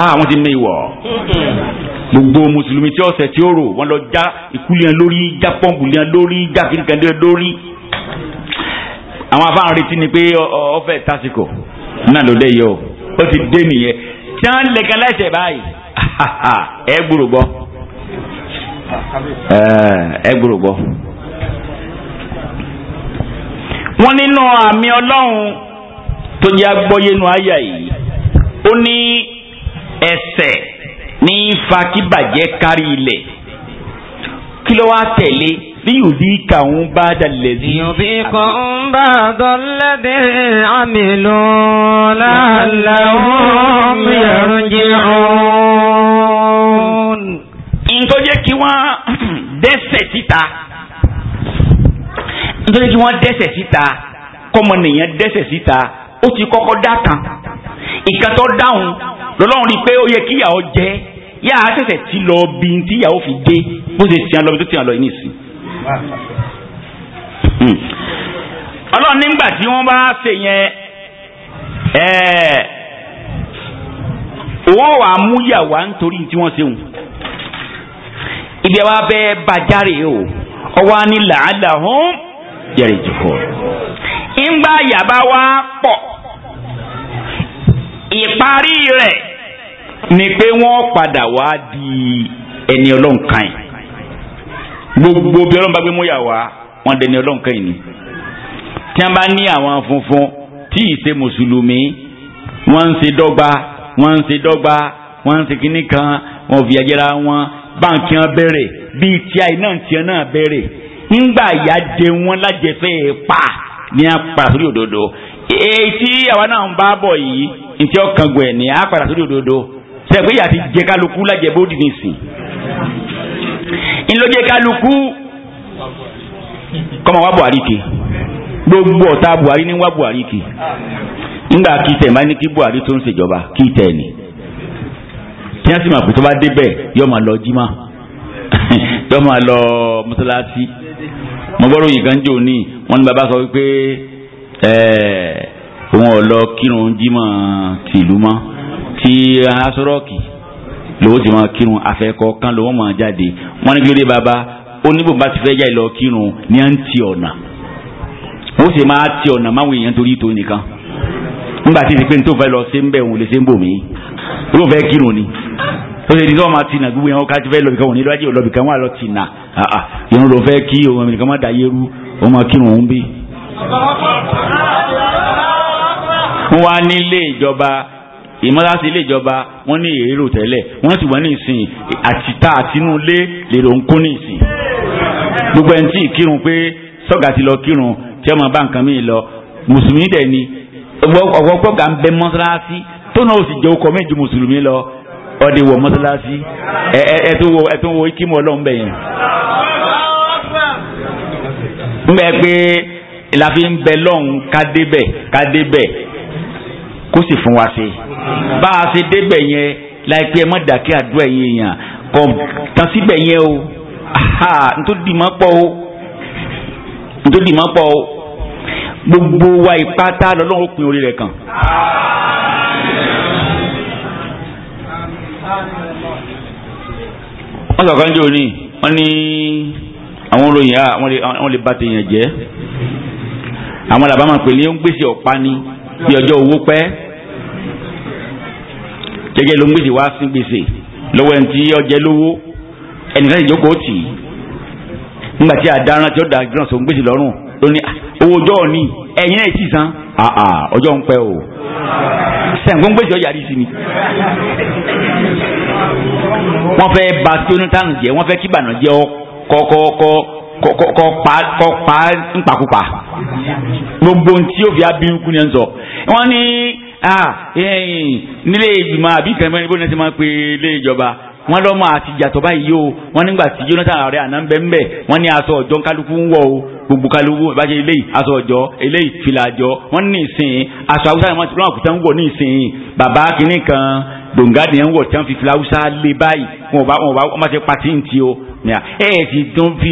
àwọn ti ní ìwọ mm-hmm. gbogbo mùsùlùmí tí ọ̀sẹ̀ tí ó rò wọ́n lọ já ìkúlẹ̀ lórí já pọ́ǹpù lẹ́yìn lórí já kìrìkàndé lórí àwọn afáàn retí ni pé ọfẹ tásìkò náà ló dé yìí o ó ti dé nìyẹn tí wọn lè kan láìsẹ báyìí ẹ gbúrò gbọ ẹ gbúrò gbọ. wọn nínú àmì Ọlọ́run tó jẹ́ agbọ́yénu àyà yìí ó ní ẹsẹ̀ ní fa kí bàjẹ́ kárí ilẹ̀ kí ló wá tẹ̀lé bí yòbí kà ń bá dalẹ̀ sí. yòbí kò ń bá dọ́lẹ́dẹ́ àmìlú láàlàwọ̀n yẹ̀rù jẹun. nítorí jẹ́ kí wọ́n dẹ́sẹ̀ síta nítorí kí wọ́n dẹ́sẹ̀ síta kọ́mọnìyàn dẹ́sẹ̀ síta ó ti kọ́kọ́ dá kan ìkàtọ́ dáhùn lọ́lọ́run rí i pé ó yẹ kíyàwó jẹ́ yá a ṣẹ̀ṣẹ̀ ti lọ bí tíyàwó fi dé bó ṣe tiẹ̀ lọ bí tó tiẹ̀ lọ yìí nìsín. Hmm. ọlọ́run nígbà tí wọ́n bá ṣe yẹn wọ́n wà á mú yàwá nítorí tí wọ́n ṣe wù ibi àwa bẹ́ẹ̀ bàjáre o ọwọ́ á ní làálàá hàn jẹ̀rẹ̀ jùkọ́. ńgbà yàbá wa pọ̀ ìparí rẹ̀ ni pé wọ́n padà wá di ẹni ọlọ́nkàn yìí gbogbo bí ọlọ́run bá gbé mú wá wọ́n dẹni ọlọ́nkàn yìí ni tí wọ́n bá ní àwọn funfun tí ì ṣe mùsùlùmí wọ́n ń ṣe dọ́gba wọ́n ń ṣe dọ́gba wọ́n ń ṣe kínní kan wọ́n fi àjẹrà wọn báńkì wọn bẹ̀rẹ̀ bíi tíá iná tíá náà bẹ̀rẹ̀ ńgbà yà jẹ wọn lájẹfẹ́ pa ní apàṣẹ òdodo èyí tí àwa náà ń bá bọ̀ yìí ntí ọkàn gbọ ẹ ní a padà sórí òdodo sẹpẹ yàtí jẹ kálukú lájẹ bóòdì nìsín ńlọjẹ kálukú kọ́mọ wa Buhari ke gbogbo ọ̀tá Buhari ní wa Buhari ke ńgbà kí tẹ̀ máa ní kí Buhari tó ń ṣèjọba kí tẹ̀ ni kí wọ́n sì máa pè tó bá débẹ̀ yọ máa lọ jimá yọ kan jò ní wọ́n ní bàbá sọ wípé ẹ̀ẹ́ òun ọ̀lọ́ kírun jímọ̀ tìlú mọ́ tí asọ́rọ́ọ̀kì lówó ti máa kírun afẹ́kọ́ kan lówó máa jáde wọ́n ní kí ló dé bàbá ó ní bòbá ti fẹ́ jáde lọ kírun ní à ń ti ọ̀nà ó sì máa ti ọ̀nà máwọn èèyàn torí tó nìkan nígbà tí ìsìnkú tó fẹ́ lọ sí ń bẹ̀ òun lè ṣe ń bò mí ló fẹ́ kírun ni ó sì ní sọ́ọ́ máa tìǹà gbogbo yẹn wọ́n ká ti fẹ́ lọ ibìkan òun ní lọ́jọ́ ìlọ́bìkan wà lọ tìǹà ìrún ló fẹ́ kí òun ẹ̀mí nìkan má dà kírun òun bí wọ́n wá nílé ìjọba ìmọ̀láṣí ilé ìjọba wọ́n ní èrò tẹ́lẹ̀ wọ́n sì wọ́n ní ìsìn àtìta àtinúlé lèrò ń kún ní ìsìn gbogbo ẹni tí ìkírun pé sọ́gà ti lọ kírun tí ọmọ bá nǹkan mi lọ mùsùlùmí dẹ̀ ni ọ̀wọ́ gbọ́gà ń bẹ mọ́sálásí tó náà ó sì jẹ́ okọ̀ méjì mùsùlùmí lọ ọdẹ wọ mọ́sálásí ẹ tó wo ẹ tó wo ikímu ọlọ́run bẹ̀ yẹn. ń bẹ pé ìlàfi ń bẹ lọ́hùn kádébẹ̀ kádébẹ̀ kó sì fún wa ṣe bá a ṣe débẹ̀ yẹn láìpẹ́ ẹ má dàkẹ́ àdúrà yẹn yàn kọ̀ tán síbẹ̀ yẹn o ntòdì má pọ̀ o ntòdì má pọ̀ o gbogbo wa ìpátá lọ́lọ́run pin orí rẹ̀ kàn. wọ́n sọ̀kan jẹ́ òní wọ́n ní àwọn olóyìn àwọn lè bá ti yàn jẹ́ àwọn làbá máa pè ní ó ń gbèsè ọ̀pá ni bí ọjọ́ owó pẹ́ jẹjẹ ló ń gbèsè wá sí gbèsè lọ́wọ́ ẹni tí ọjẹ́ lówó ẹnìkan ìjókòó tì í nígbà tí àdáran tí ó dà gíràn sóun gbèsè lọ́rùn ló ní ah, owó ọjọ́ òní ẹ̀yìn náà ti san ọjọ́ ń pẹ́ o sẹ̀ǹgbọ́n gbèsè ọjà rí sí ni wọ́n fẹ́ bà tónítàn jẹ́ wọ́n fẹ́ kí ìbànújẹ́ kọ́kọ́kọ́ kọ pa ńpakúpa gbogbo ntí ó fi abirikú ni ẹ ń sọ wọ́n ní ah, eh, nílé ìgbìmọ̀ àbí kẹmẹ́rin bó ni ẹ ti máa ń pe ilé ìjọba wọ́n lọ́mọ àtijọ́ àtọ́ báyìí yóò wọ́n nígbà tí Jonathan ààrẹ àná ń bẹ́ ń bẹ̀ wọ́n ní aṣọ ọ̀jọ́ kálukú ń wọ̀ o gbogbo kálukú ìbáṣe eléyìí aṣọ ọ̀jọ́ eléyìí fìlà àjọ wọ́n ní ìsìn aṣọ haúsá ni wọ́n ti lọ́wọ́ àkútà ń wọ̀ ní ìsìn bàbá kínní kan dòǹgàdì ń wọ̀ tí wọ́n fi fìlà haúsá lé báyìí wọn ò bá wọn ò bá ṣe pati ń ti o ẹ ti tún fi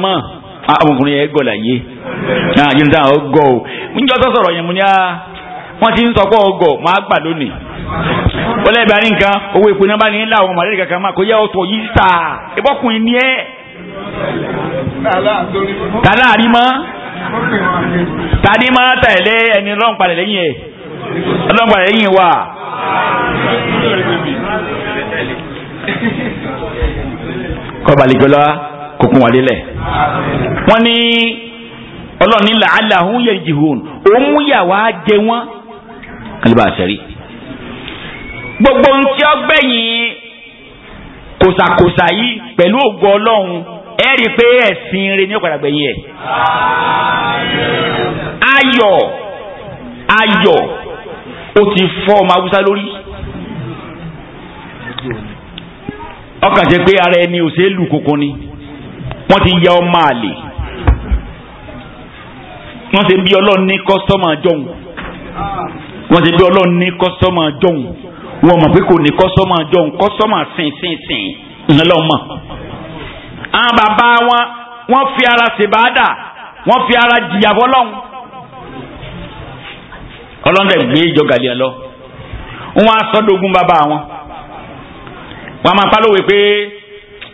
mọ Ah, ọmọkùnrin yẹn gọ̀ láyé ah, yìí níta ọ̀ gọ̀ o níjọ́ tó sọ̀rọ̀ yẹn mo ní a ah, wọ́n ti ń sọ pé ọgọ̀ máa gbà lónìí wọ́n lẹ́ẹ̀bẹ̀ ní nǹkan owó epo náà bá ní ńlá àwọn màlẹ́rì kankan máa kó yẹ ọ̀tọ̀ yìí sà ìbọ̀kùnrin ni ẹ́ tàdá àrímọ́ tàdí máa tẹ̀lé ẹni ọlọ́run padà lẹ́yìn ẹ̀ ọlọ́run padà lẹ́yìn wa. kọ́ balẹ̀ kókún wọn lélẹ̀. wọ́n ní ọlọ́run ní làálà òun yẹ jìhùn òun mú yàwá jẹ wọ́n kálíbà àṣẹrí. gbogbo ohun tí ó gbẹ̀yìn kòsàkòsà yìí pẹ̀lú ògo ọlọ́run ẹ rí i pé ẹ̀sìn rẹ ní ọ̀padà gbẹ̀yìn ẹ̀. ayọ̀ ayọ̀ ó ti fọ́ ọmọ awúsá lórí ọkàn jẹ́ pé ara ẹni òṣèlú kókó ni wọ́n ti ya ọmọ àlè wọ́n ti bí ọlọ́run ní kọ́sọ́mà jọ̀hún wọ́n ti bí ọlọ́run ní kọ́sọ́mà jọ̀hún wọ́n mọ̀ pé kò ní kọ́sọ́mà jọ̀hún kọ́sọ́mà sìn sìn sìn ńlọ́mọ̀. àwọn bàbá wọn wọ́n fi ara ṣèbáàdà wọ́n fi ara jìyà fọlọ́hún ọlọ́run gbé ìjọ gàlíà lọ wọ́n á sọ́dọ̀ ogun bàbá wọn wọ́n máa pálówé pé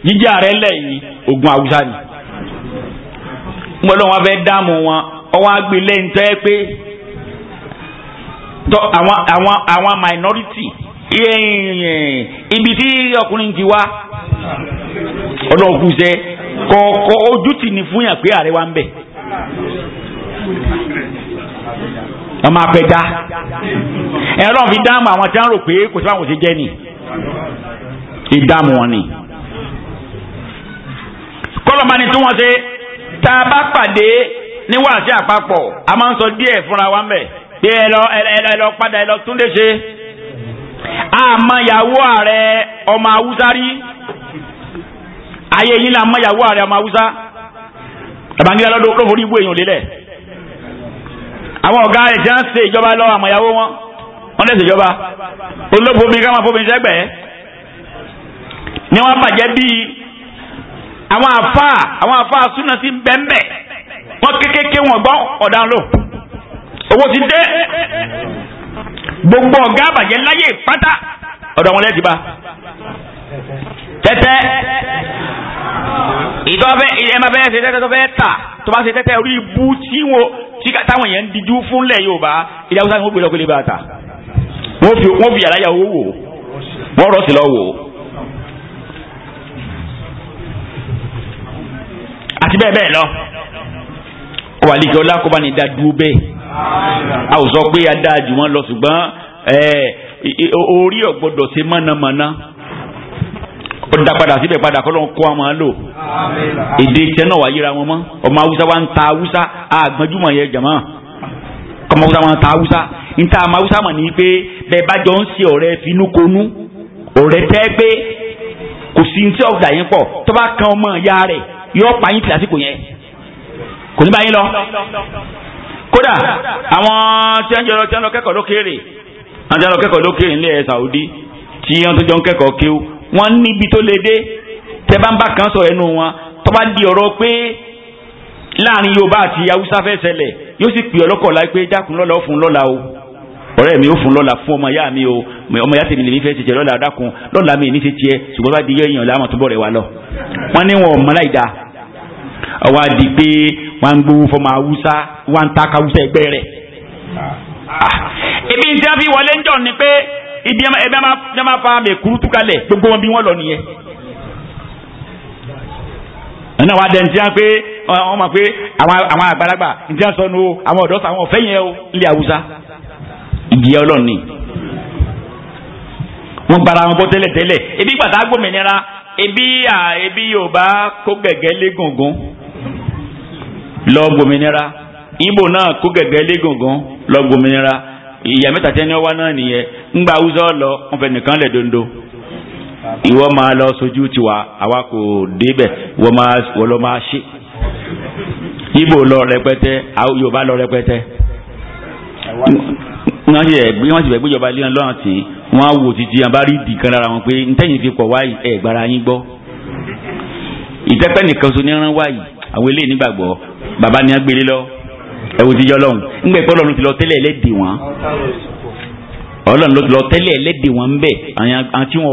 jíjà rẹ lẹ́yìn ogun haúsá ni mo lọ wọn fẹ́ dààmú wọn ọwọ́ agbe lẹ́yìn tó yẹ pé àwọn minority ibi tí ọkùnrin ti wá ọlọ́ọ̀kùsẹ́ kọ̀ọ̀kọ̀ ojú tì ní fún yàn pé ààrẹ wa ń bẹ̀ wọ́n máa pẹ́ dá ẹ̀rọ fi dáàmú àwọn tí wọ́n rò pé kò sí àwọn òṣèjẹ́ ni ìdáàmú wọn ni kọ́lọ́mà ni tí wọ́n ṣe tá a bá pàdé ní wàásù àpapọ̀ a máa ń sọ díẹ̀ fúnra wa mẹ́ pé ẹ lọ ẹ lọ padà ẹ lọ túnde ṣe àmọ́yàwó ààrẹ ọmọ haúsá rí ayé yín la mọ́yàwó ààrẹ ọmọ haúsá àbángídá lọ́dún ló forí ibú èèyàn lélẹ̀ àwọn ọ̀gá rẹ̀ ń ṣe ìjọba lọ àmọ́yàwó wọn wọ́n lẹ́sẹ̀ ìjọba olóbó mi ká máa fóbi sẹ́gbẹ̀ẹ́ ni wọ́n bàjẹ́ bíi àwọn àfa àwọn àfa súnà ti ń bẹ́ńbẹ́ wọ́n kékeré wọn gbọ́ ọ̀dà lò owó ti dé gbogbo ọ̀gá àbàjẹ́ láyé pátá ọ̀dọ̀ wọn lẹ́ẹ̀dì bá tẹ́tẹ́ ìtọ́fẹ́ ilẹ̀ máa fẹ́ ṣe tẹ́tẹ́ tó fẹ́ tà tó bá ṣe tẹ́tẹ́ orí ibú tí wọn tí táwọn èèyàn ń dijú fúnlẹ̀ Yorùbá ilẹ̀ Haúsá ni wọ́n gbé lọ́kọ́lé bá ta wọ́n fi aláyà owó wò wọ́n rọ̀ sí lọ́wọ́. àti bẹ́ẹ̀ bẹ́ẹ̀ lọ wàlíkẹ́ ọlá kó bá ní dá dúró bẹ́ẹ̀ a ò sọ pé a dáa jù wọ́n lọ ṣùgbọ́n orí ọ̀gbọ́dọ̀ ṣe mọ̀nàmọ́ná ó dá padà síbẹ̀ padà kọ́ ló ń kó àwọn máa lò èdè tiẹ̀ náà wàá yíra wọn mọ́ ọmọ haúsá wa ń ta haúsá àgbọ̀njúmọ̀ yẹn jàmọ́ ọmọ haúsá wa ń ta haúsá ń ta àmọ́ haúsá mọ̀ ní pé bẹ́ẹ̀ bá jọ ń ṣe ọ̀rẹ́ finúkonú ọ̀rẹ́ tẹ́ pé kò sí ní ọ̀gá yẹn pọ̀ tó bá kan ọmọ ìyá rẹ̀ yóò pa yín ti àsìkò yẹn kò ní bá yín lọ. kódà àwọn tí wọ́n jẹ́ lọ tí wọ́n lọ kẹ́kọ̀ọ́ lókèrè wọ́n ti lọ kẹ́kọ̀ọ́ lókèrè nílẹ̀ Saudi tí wọ́n tó jọ ń kẹ́kọ̀ọ́ kéwú wọ́n níbi tó le dé tẹ́ bá ń bá kan sọ̀rọ̀ ẹnu wọn tó bá di ọ̀rọ̀ pé láàrin Yorùbá àti Haúsá fẹ́ ṣẹlẹ̀ yóò sì pè ọlọ́kọ̀ láì pé jákun lọ́la ó fún o ọ̀rẹ́ mi ó fún lọ́la fún ọmọ ya mi o ọmọ ya tèmi lèmi fẹ́ ṣe lọ́la dákun lọ́la mi ní ṣe tiẹ̀ ṣùgbọ́n bá di yẹ èèyàn láwọn túbọ̀ rẹ̀ wá lọ. wọ́n ní wọn ọmọ láì da ọwọ́ adi pé wọ́n ń gbowó fọmọ awúsá wọ́n ń taka awúsá ẹgbẹ́ rẹ̀. Ah, ibi tí wọ́n fi wọlé ń jọ ni pé ibi ẹbí ẹ máa fa mẹ̀kúrú túkalẹ̀ gbogbo wọn bí wọ́n lọ nìyẹn. ẹnna wa dẹ̀ ní ti wọ́n mọ̀ pé àwọn àgbàlagbà ní sọnù àwọn ọ̀dọ́ àwọn ọ̀fẹ́ yẹn o ilé awúsá ìjìyà ọlọ́run ni. wọ́n gbara wọn bọ́ tẹ́lẹ̀tẹ́lẹ̀ ebi gbàtà gbòmìnira ebi à ebi yorùbá kó gẹ̀gẹ́ lé gàngán lọ gbòmìnira ibo náà kó gẹ̀gẹ́ lé gàngán lọ gbòmìnira ìyá mẹ́ta tẹ́ ní ọwá náà nìyẹn ńgbà awúzọ́ lọ wọn fẹ́ nìkan lẹ̀ dondo ìwọ máa lọ sojú tiwa àwa kò débẹ̀ wọ́n máa wọ́n lọ máa ṣe ibo lọ rẹpẹtẹ yorùbá lọ rẹpẹtẹ wọ́n ti ẹ̀gbẹ́ wọ́n ti ẹ̀gbẹ́ ìjọba ilé lọ́nà tí wọ́n á wò títí wọn bá rí ìdì kan lára wọn pé ntẹ́yìn fi pọ̀ wáyì ẹ̀gbára yín gbọ́. ìtẹ́pẹ́ nìkan so ní rán wáyì àwọn eléyìí nígbàgbọ́ bàbá ni wọ́n gbélé lọ ẹ̀wò tíjọ́ lọ́hùn ńgbẹ́ pé ọlọ́run ti lọ tẹ́lẹ̀ ẹlẹ́dẹ̀ wọn ọlọ́run ló ti lọ tẹ́lẹ̀ ẹlẹ́dẹ̀ wọn ńbẹ̀ àwọn tí wọn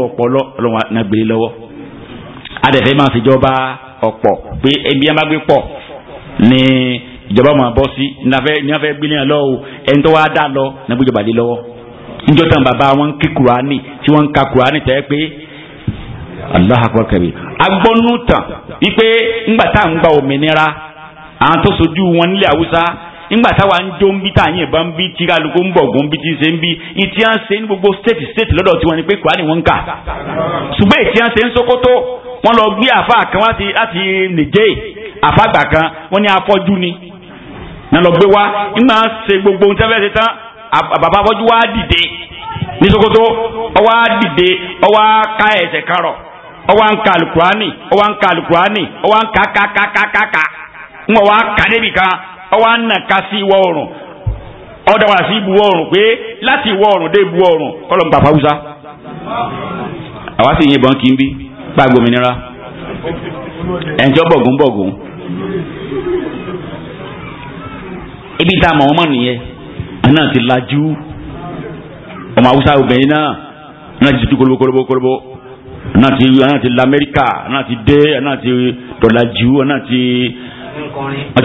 ọ̀pọ̀ ìjọba ma bọ́ sí nàfẹ́ nàfẹ́ gbélé lọ o ẹni tó wáá dá lọ nàbí ìjọba lé lọ́wọ́ níjọ́ tán bàbá wọn ń kí kùránì tí wọ́n ń ka kùránì tẹ́ pé Allahu Akbar kabir agbọ́nú tàn wípé ńgbà tá à ń gba òmìnira àwọn tó sojú wọn nílẹ̀ haúsá ńgbà táwa ń jó ń bí táyìn ìbọn ń bí tí kálukú ń bọ̀gùn ń bí tí ń ṣe ń bí ìtí à ń ṣe ní gbogbo state state lọ́dọ̀ tiwọn ni pé kùránì wọn ń kà ṣùgbọ́n ìtí à ń ṣe ń Sókótó wọ́n lọ gbé àfa kan láti Nìjẹ́ àfàgbà kan wọ́n ní afọ́jú ni náà lọ gbé wá nígbà gbogbo ohun tí wọ́n fẹ́ ṣe tán bàbá afọ́jú wá dìde ní Sokoto ọwọ́ á dìde ọwọ́ á ká ẹ̀sẹ̀ karọ̀ ọwọ́ á ń ka alukurani ọwọ́ á ń ka alukurani ọwọ́ á ń ka ń wọ́n wá débi kan ọwọ́ ibi tá a mọ̀ wọ́n mọ̀ nìyẹn náà ti lajú ọmọ awúsá obìnrin náà náà ti tutù kolobo kolobo kolobo náà ti náà ti la amẹ́ríkà náà ti dé náà ti tọ̀lajú náà ti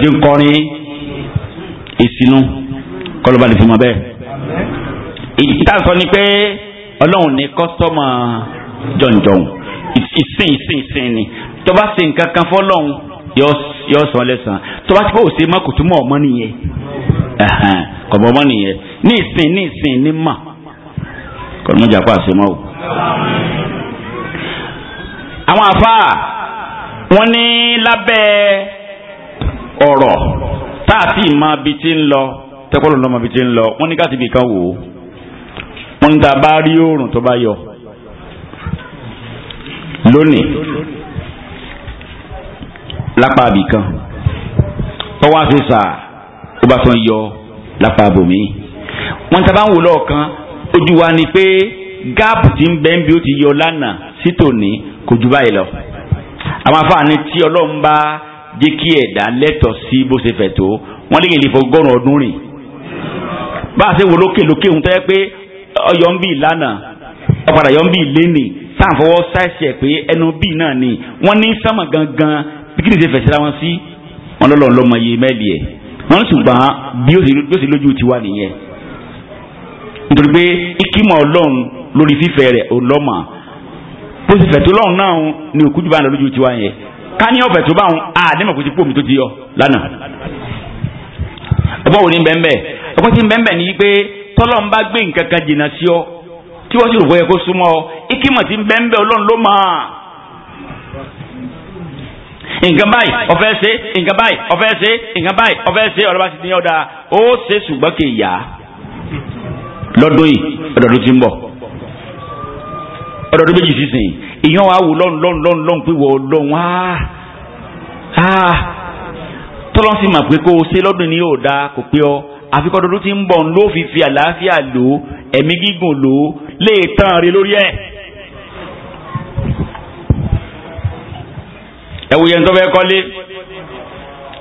wọ́n ti ń kọrin ìsinú kọlọ́ba lè fi mọ bẹ́ẹ̀. ìta sọ ni pé ọlọ́run ní kọ́sítọ́mà jọ̀njọ̀n ìsìn ìsìn ìsìn ni tó bá ṣe nǹkan kan fọ́lọ́run yóò sàn lẹ́sàn tó bá ti kó òsè má kò tún mọ̀ ọmọ nìyẹn kò mọ̀ ọmọ nìyẹn ní ìsìn ní ìsìn ní mà kò ní jàpá àṣẹ mọ́ o. àwọn àfa wọn ní lábẹ́ ọ̀rọ̀ tá a sì máa bi ti ń lọ tẹ́kọ̀ọ́ lọ́mọ bi ti ń lọ wọ́n ní káàtì bì kan wò ó wọ́n ní tá a bá rí oòrùn tó bá yọ lónìí lápá abì kan ọwọ́ àti sà ó bá tán yọ lápá abòmí wọn ta bá ń wò lọ́ọ̀kan ojú wa ni pé gáàpù ti ń bẹ́ẹ̀ bí ó ti yọ lánàá sí tòní kò ju báyìí lọ àwọn afáàní tí ọlọ́run bá jẹ́ kí ẹ̀dá lẹ́tọ̀ọ́ sí bó ṣe fẹ̀ tó wọ́n lè lè fọgọ́rùn ọdún rìn bá a ṣe wò lókè lókè ń tẹ́ pé ọyọ ń bì lánàá ọ̀padà yọ ń bì lénìí sáà fọwọ́ sáìsì ni wọ́n ní bí kìnìún ṣe fẹ̀sẹ̀ ra wọn sí wọn lọ́lọ́ lọ́mọ iye mẹ́ẹ̀lì ẹ̀ wọ́n ṣùgbọ́n bí ó ṣe lójú tiwa nìyẹn nítorí pé ikímọ̀ ọlọ́run lórí fífẹ́ rẹ̀ ọlọ́mọ bó ṣe fẹ̀tọ́ ọlọ́run náà ni òkú jù bá ń lọ yẹn ká ní ọ̀fẹ́ tó bá wọn a nímọ̀ kó ti pò mí tó ti yọ lánàá ọgbọ́n wo ni bẹ́ẹ̀ ọgbọ́n ti bẹ́ẹ̀ ni pé tọ́lọ́run bá gbé nǹkan kan jìnnà sí ọ tí wọ́n sì rò wọ́yẹ kó súnmọ́ ọ ikímọ̀ ti bẹ́ẹ̀ ọlọ́run ló máa nǹkan báyìí ọ̀fẹ́ ṣe nǹkan báyìí ọ̀fẹ́ ṣe nǹkan báyìí ọ̀fẹ́ ṣe ọ̀rọ̀ bá ti ní ọ̀dà ó ṣe ṣùgbọ́n kì í yá lọ́dún yìí ọ̀dọ̀dún ti ń bọ̀ ọ̀dọ̀dún méjì sísìn ìyàn wa wò lọ́n lọ́n lọ́n lọ́n pé wọ́n lọ́n wá tọ́lọ́ sì mà pé kó o ṣe lọ́dún ní yóò dáa kò pé ọ àfikọ́dọ̀dún ti ń bọ̀ ń ló fi àlàáfíà lò ẹ̀mí gígùn lò lè tán rí lórí ẹ̀. ẹ̀wù yẹn tó fẹ́ kọ́lé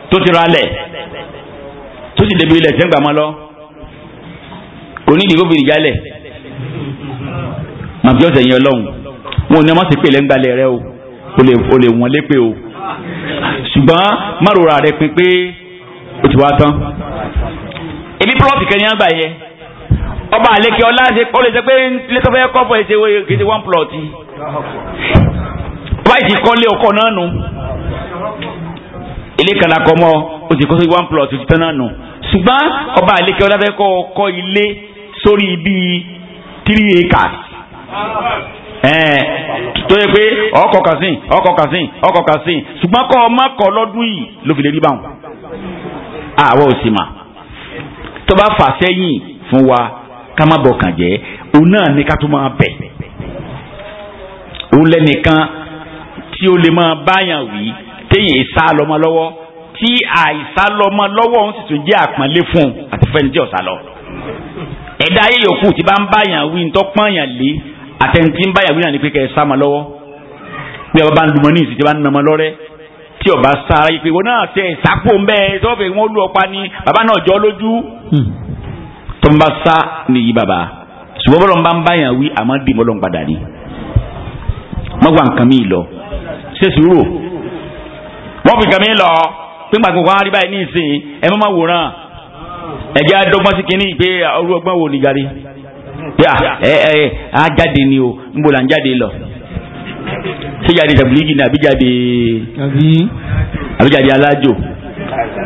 tó ti ra lẹ̀ tó sì débi ilẹ̀ tí ń gbà mọ́ lọ kò ní ìdìbò bìrì jálẹ̀ màbí ọ̀sẹ̀ yẹn ọlọ́run wọn ò ní ọmọ sí pé ilẹ̀ ń gbalẹ̀ rẹ o o lè wọ́n lépè o ṣùgbọ́n márùra rẹ pin pé o ti wá tán ebi plọ́ọ̀tì kẹ́yìn àgbà yẹn ọba àlekè ọlá ṣe ó lè sọ pé lẹ́tọ́fẹ́ kọ́ fọ́ ẹ̀ ṣe wọ́n kì í báyìí ti kọ́lé ọkọ̀ náà nù ilé kan lakọ mọ́ o ti kọ́ sí one plus ti tán náà nù ṣùgbọ́n ọba àlekẹ́ ọlọ́fẹ́ kọ́ kọ́ ilé sórí bíi three acres tó yẹ pé ọkọ̀ kàsìn ọkọ̀ kàsìn ọkọ̀ kàsìn ṣùgbọ́n kọ́ ọmọ kọ́ lọ́dún yìí ló fi lè rí báwọn àwọ̀ ò sì mà tó bá fà sẹ́yìn fún wa ká má bọ̀ kàn jẹ́ òun náà ní ká tó máa bẹ̀ òun lẹ́nìkan tí ó lè máa báyàn wí téyìn ìsá lọ́mọ lọ́wọ́ tí àìsá lọ́mọ lọ́wọ́ òun sì tún jẹ́ àpọ́nlé fún un àti fẹ́ni tí ọ̀sá lọ. ẹ̀dá ayé yòókù tí bá ń báyàn wí ntọ́ pọ́nyàn lé àtẹnití ń báyàn wí náà ní pé kẹ́ ẹ sá mọ́ lọ́wọ́ bí ọba bá ń lumọ́ ní ìsìn tí bá ń namọ́ lọ́rẹ́ tí ọba sára yìí pé wọn náà tẹ ìsápò ń bẹ́ẹ̀ tó fẹ́ wọn lù ọ̀pá ni bàbá náà jọ lójú hmm. tó ń bá sá nìyí bàbá ṣùgbọ́n bọ́lọ̀ ń bá ń báyàn wí àmọ́ dì mọ́lọ́ padà ní. mọ́gbà nǹkan mi lọ ṣé sùúrù wọ́n fi kàmí lọ pípa gbogbo àwọn àríbáyé ní ìsìn ẹ má máa wòran ẹ̀jẹ̀ adọ́gbọ́n sí kínní pé ọrú ọgbọ́n wò ní gari ẹ ẹ á jáde ni o níbo là ń jáde lọ ṣé jáde tàbílígì ni àbí jáde àbí jáde alájò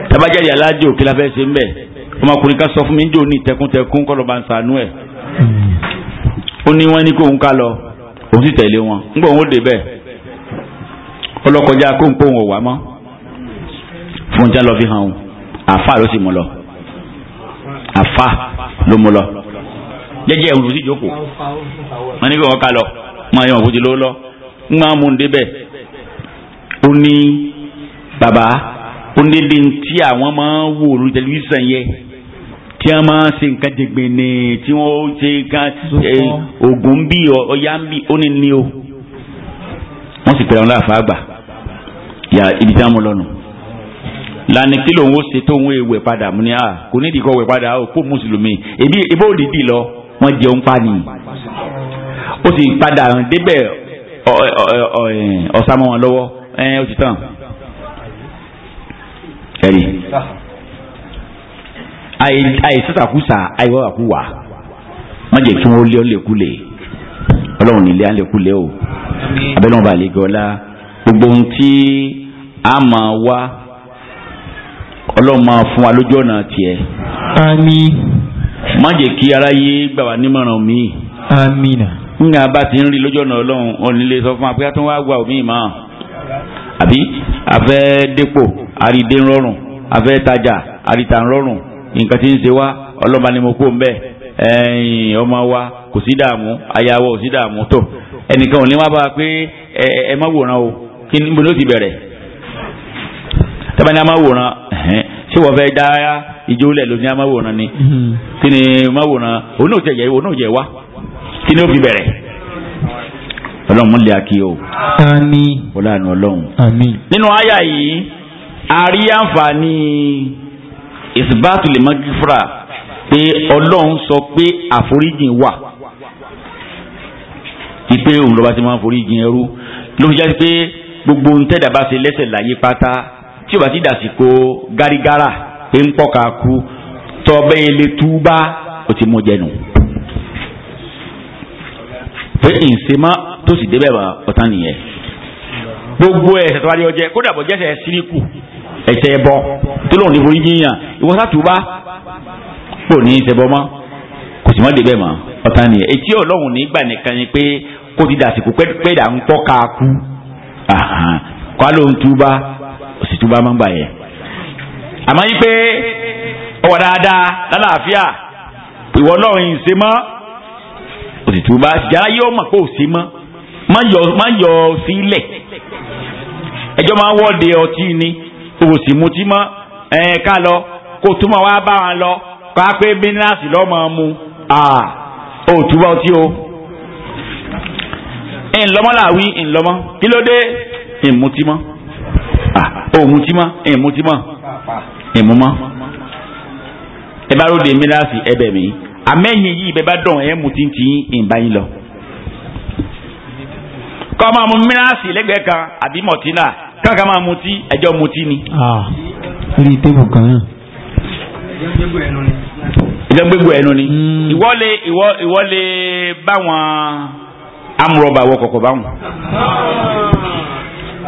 tabajade alájò kí la fẹ́ ṣe ń bẹ̀ ọmọkùnrin kan sọ fún mi ń jò ní tẹkuntẹkun kọ́ bá ń sànú ẹ̀ hmm. ó ní wọ́n ní kó ká lọ òun sì tẹ̀lé wọn ń gbọ́ òun ó débẹ̀ ọlọ́kọjá kó ń pò wọn wà mọ́ fún jẹ́ lọ fi hàn ọ́n àfa ló sì mú lọ àfa ló mú lọ jẹ́jẹ́ ìrùn sí ìjókòó wọn ní bí wọn ká lọ wọn àyẹ̀wò àbójú ló lọ ń máa mú un débẹ̀ ó ní bàbá ó ní bí n tí àwọn máa ń wò lórí tẹlifíṣàn yẹn tí a máa ṣe nǹkan jẹgbẹ̀ẹ́nì tí wọ́n ṣe nǹkan oògùn eh, bí ọ̀ya ń bí ó ní ní o wọ́n sì pẹ̀lú àwọn aláàfáà gbà. Ya ibi tí wọ́n mú lọ́nu. lànà kí lòun ó ṣe tó òun èèwẹ̀ padà mú ni à kò ní ìdíkọ̀ wẹ̀ padà o kó mùsùlùmí èmi ìbò òdìdí lọ wọ́n jẹun pa ni. ó sì padà débẹ̀ ọ̀sán mọ́ wọn lọ́wọ́ ẹ̀ ó ti tàn. ẹ̀rí àìsàkúsà àìwáwàkúwà wọ́n jẹ́ kí wọ́n lé ọ́ lẹ́kúlẹ̀ ọlọ́run nílé á lẹ́kúlẹ̀ o abẹ́lẹ́ wọn bá lè gọ́lá gbogbo ohun tí a máa wá ọlọ́run máa fún wa lójú ọ̀nà tiẹ̀. àmín. má jẹ́ kí aráyé gbà wá nímọ̀ràn míì. àmín. Nga bá ti ń rí lójú ọ̀nà ọlọ́run onílé sọ fún wa pé a tún wá gbà òmíì mọ́ àbí afẹ́ dépò àrídé rọrùn afẹ́ tajà rọrùn nǹkan wa kò sí dààmú ayáwó kò sí dààmú tó ẹnìkan ò ní wá bá o kí ni mo ti tabani amáwòrán ṣé wọ́n fẹ́ dá ijó lẹ̀ lóní amáwòrán ni mm-hmm. kí ni amáwòrán òun náà jẹ yẹ òun náà jẹ wá kí ni ó fi bẹ̀rẹ̀ ọlọ́run mọ́lẹ̀ akí o. àmín. ọlọ́run ọlọ́run. àmín. nínú àyà yìí a rí àǹfààní ìsìbáàtù lè mọ́gífúra pé ọlọ́run sọ pé àforíjì wà ìpè òun lọ́ba ti máa ń foríjì ẹrú ló fi jáde pé gbogbo ntẹ́dàbá ṣe lẹ́sẹ̀ láyé pátá tí o bá ti dàsìkò gárígárà pé ń pọ̀ ká kú ilé túbá o ti mú jẹnu. pé ìsèmá tó sì débẹ̀ bá ọ̀tá nìyẹn. gbogbo ẹ̀ṣẹ̀ tó bá yọ jẹ kódà bọ̀ jẹ́sẹ̀ síríkù ẹ̀ṣẹ̀ bọ̀ tó lóun ní forí yíyan ìwọ́sà túbá pò ní ìṣẹ̀bọ mọ́ kò sì mọ́ débẹ̀ mọ́ ọ̀tá nìyẹn. etí ọlọ́run nígbà nìkan ni pé kó ti dàsìkò pé dà ń pọ̀ ká kú kọ́ ló túbá kò sì túbà máa ń gbà yẹn. àmọ́ yí pé ọwọ́ dáadáa lálàáfíà ìwọ náà ń ṣe mọ́ kò sì túbà jàrá yóò mọ̀ pé ò ṣe mọ́ má yọ ọ sílẹ̀ ẹjọ́ máa wọ́de ọtí ni kò sì mutí mọ́ ẹ̀ ká lọ kó túmọ̀ wá bá wọn lọ kó a pé bínásì lọ́ máa mu ó túbọ̀ ọtí o ńlọmọ làwí ńlọmọ kí ló dé ìmùtímọ o mutí mọ́ ẹ̀ mutí mọ́ ẹ̀ mú mọ́ ẹ bá ròde mi láàfin ẹ bẹ̀ mí amẹ́yìn yìí bẹ́ẹ̀ bá dọ̀n ẹ̀ mutí ti yín ìbá yín lọ. kọ́ máa mu mìíràsì lẹ́gbẹ̀ẹ́ kan àbí mọ̀tínà káàkà máa mutí ẹjọ́ mutí ni. orí tébù kan náà. ìjọ ẹnu ni. Hmm. ìwọ lè báwọn amúrọ̀bà wọ kọ̀kọ̀ báwọn.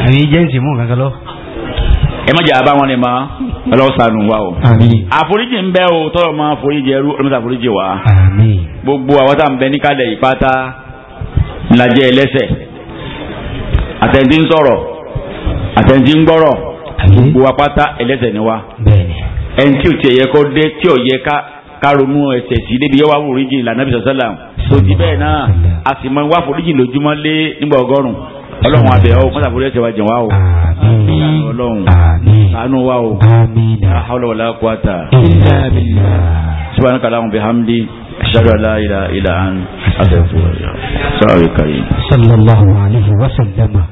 àmì jẹ́ǹsì mú kankan lọ. ẹ má wọn ọlọ́sànù wa o. àforíjì ń bẹ o tọ́lọ̀ ma ẹrú wa. gbogbo àwọn tá à ń bẹ níkàlẹ̀ ìpátá ẹlẹ́sẹ̀ ń sọ̀rọ̀ ń gbọ́rọ̀ gbogbo apáta ẹlẹ́sẹ̀ ni wa. ẹni tí tiẹ̀ yẹ kó dé tí yẹ ká ẹsẹ̀ sí débi a sì mọ ọlọ́run abẹ ọ mọ́tà fúnlẹ̀ tẹ̀wá jẹ̀ wá o ọlọ́run sànú wa o ahọ́lọ́ wàlá kwata subahana kalamu bihamdi ashadu ala ila ila an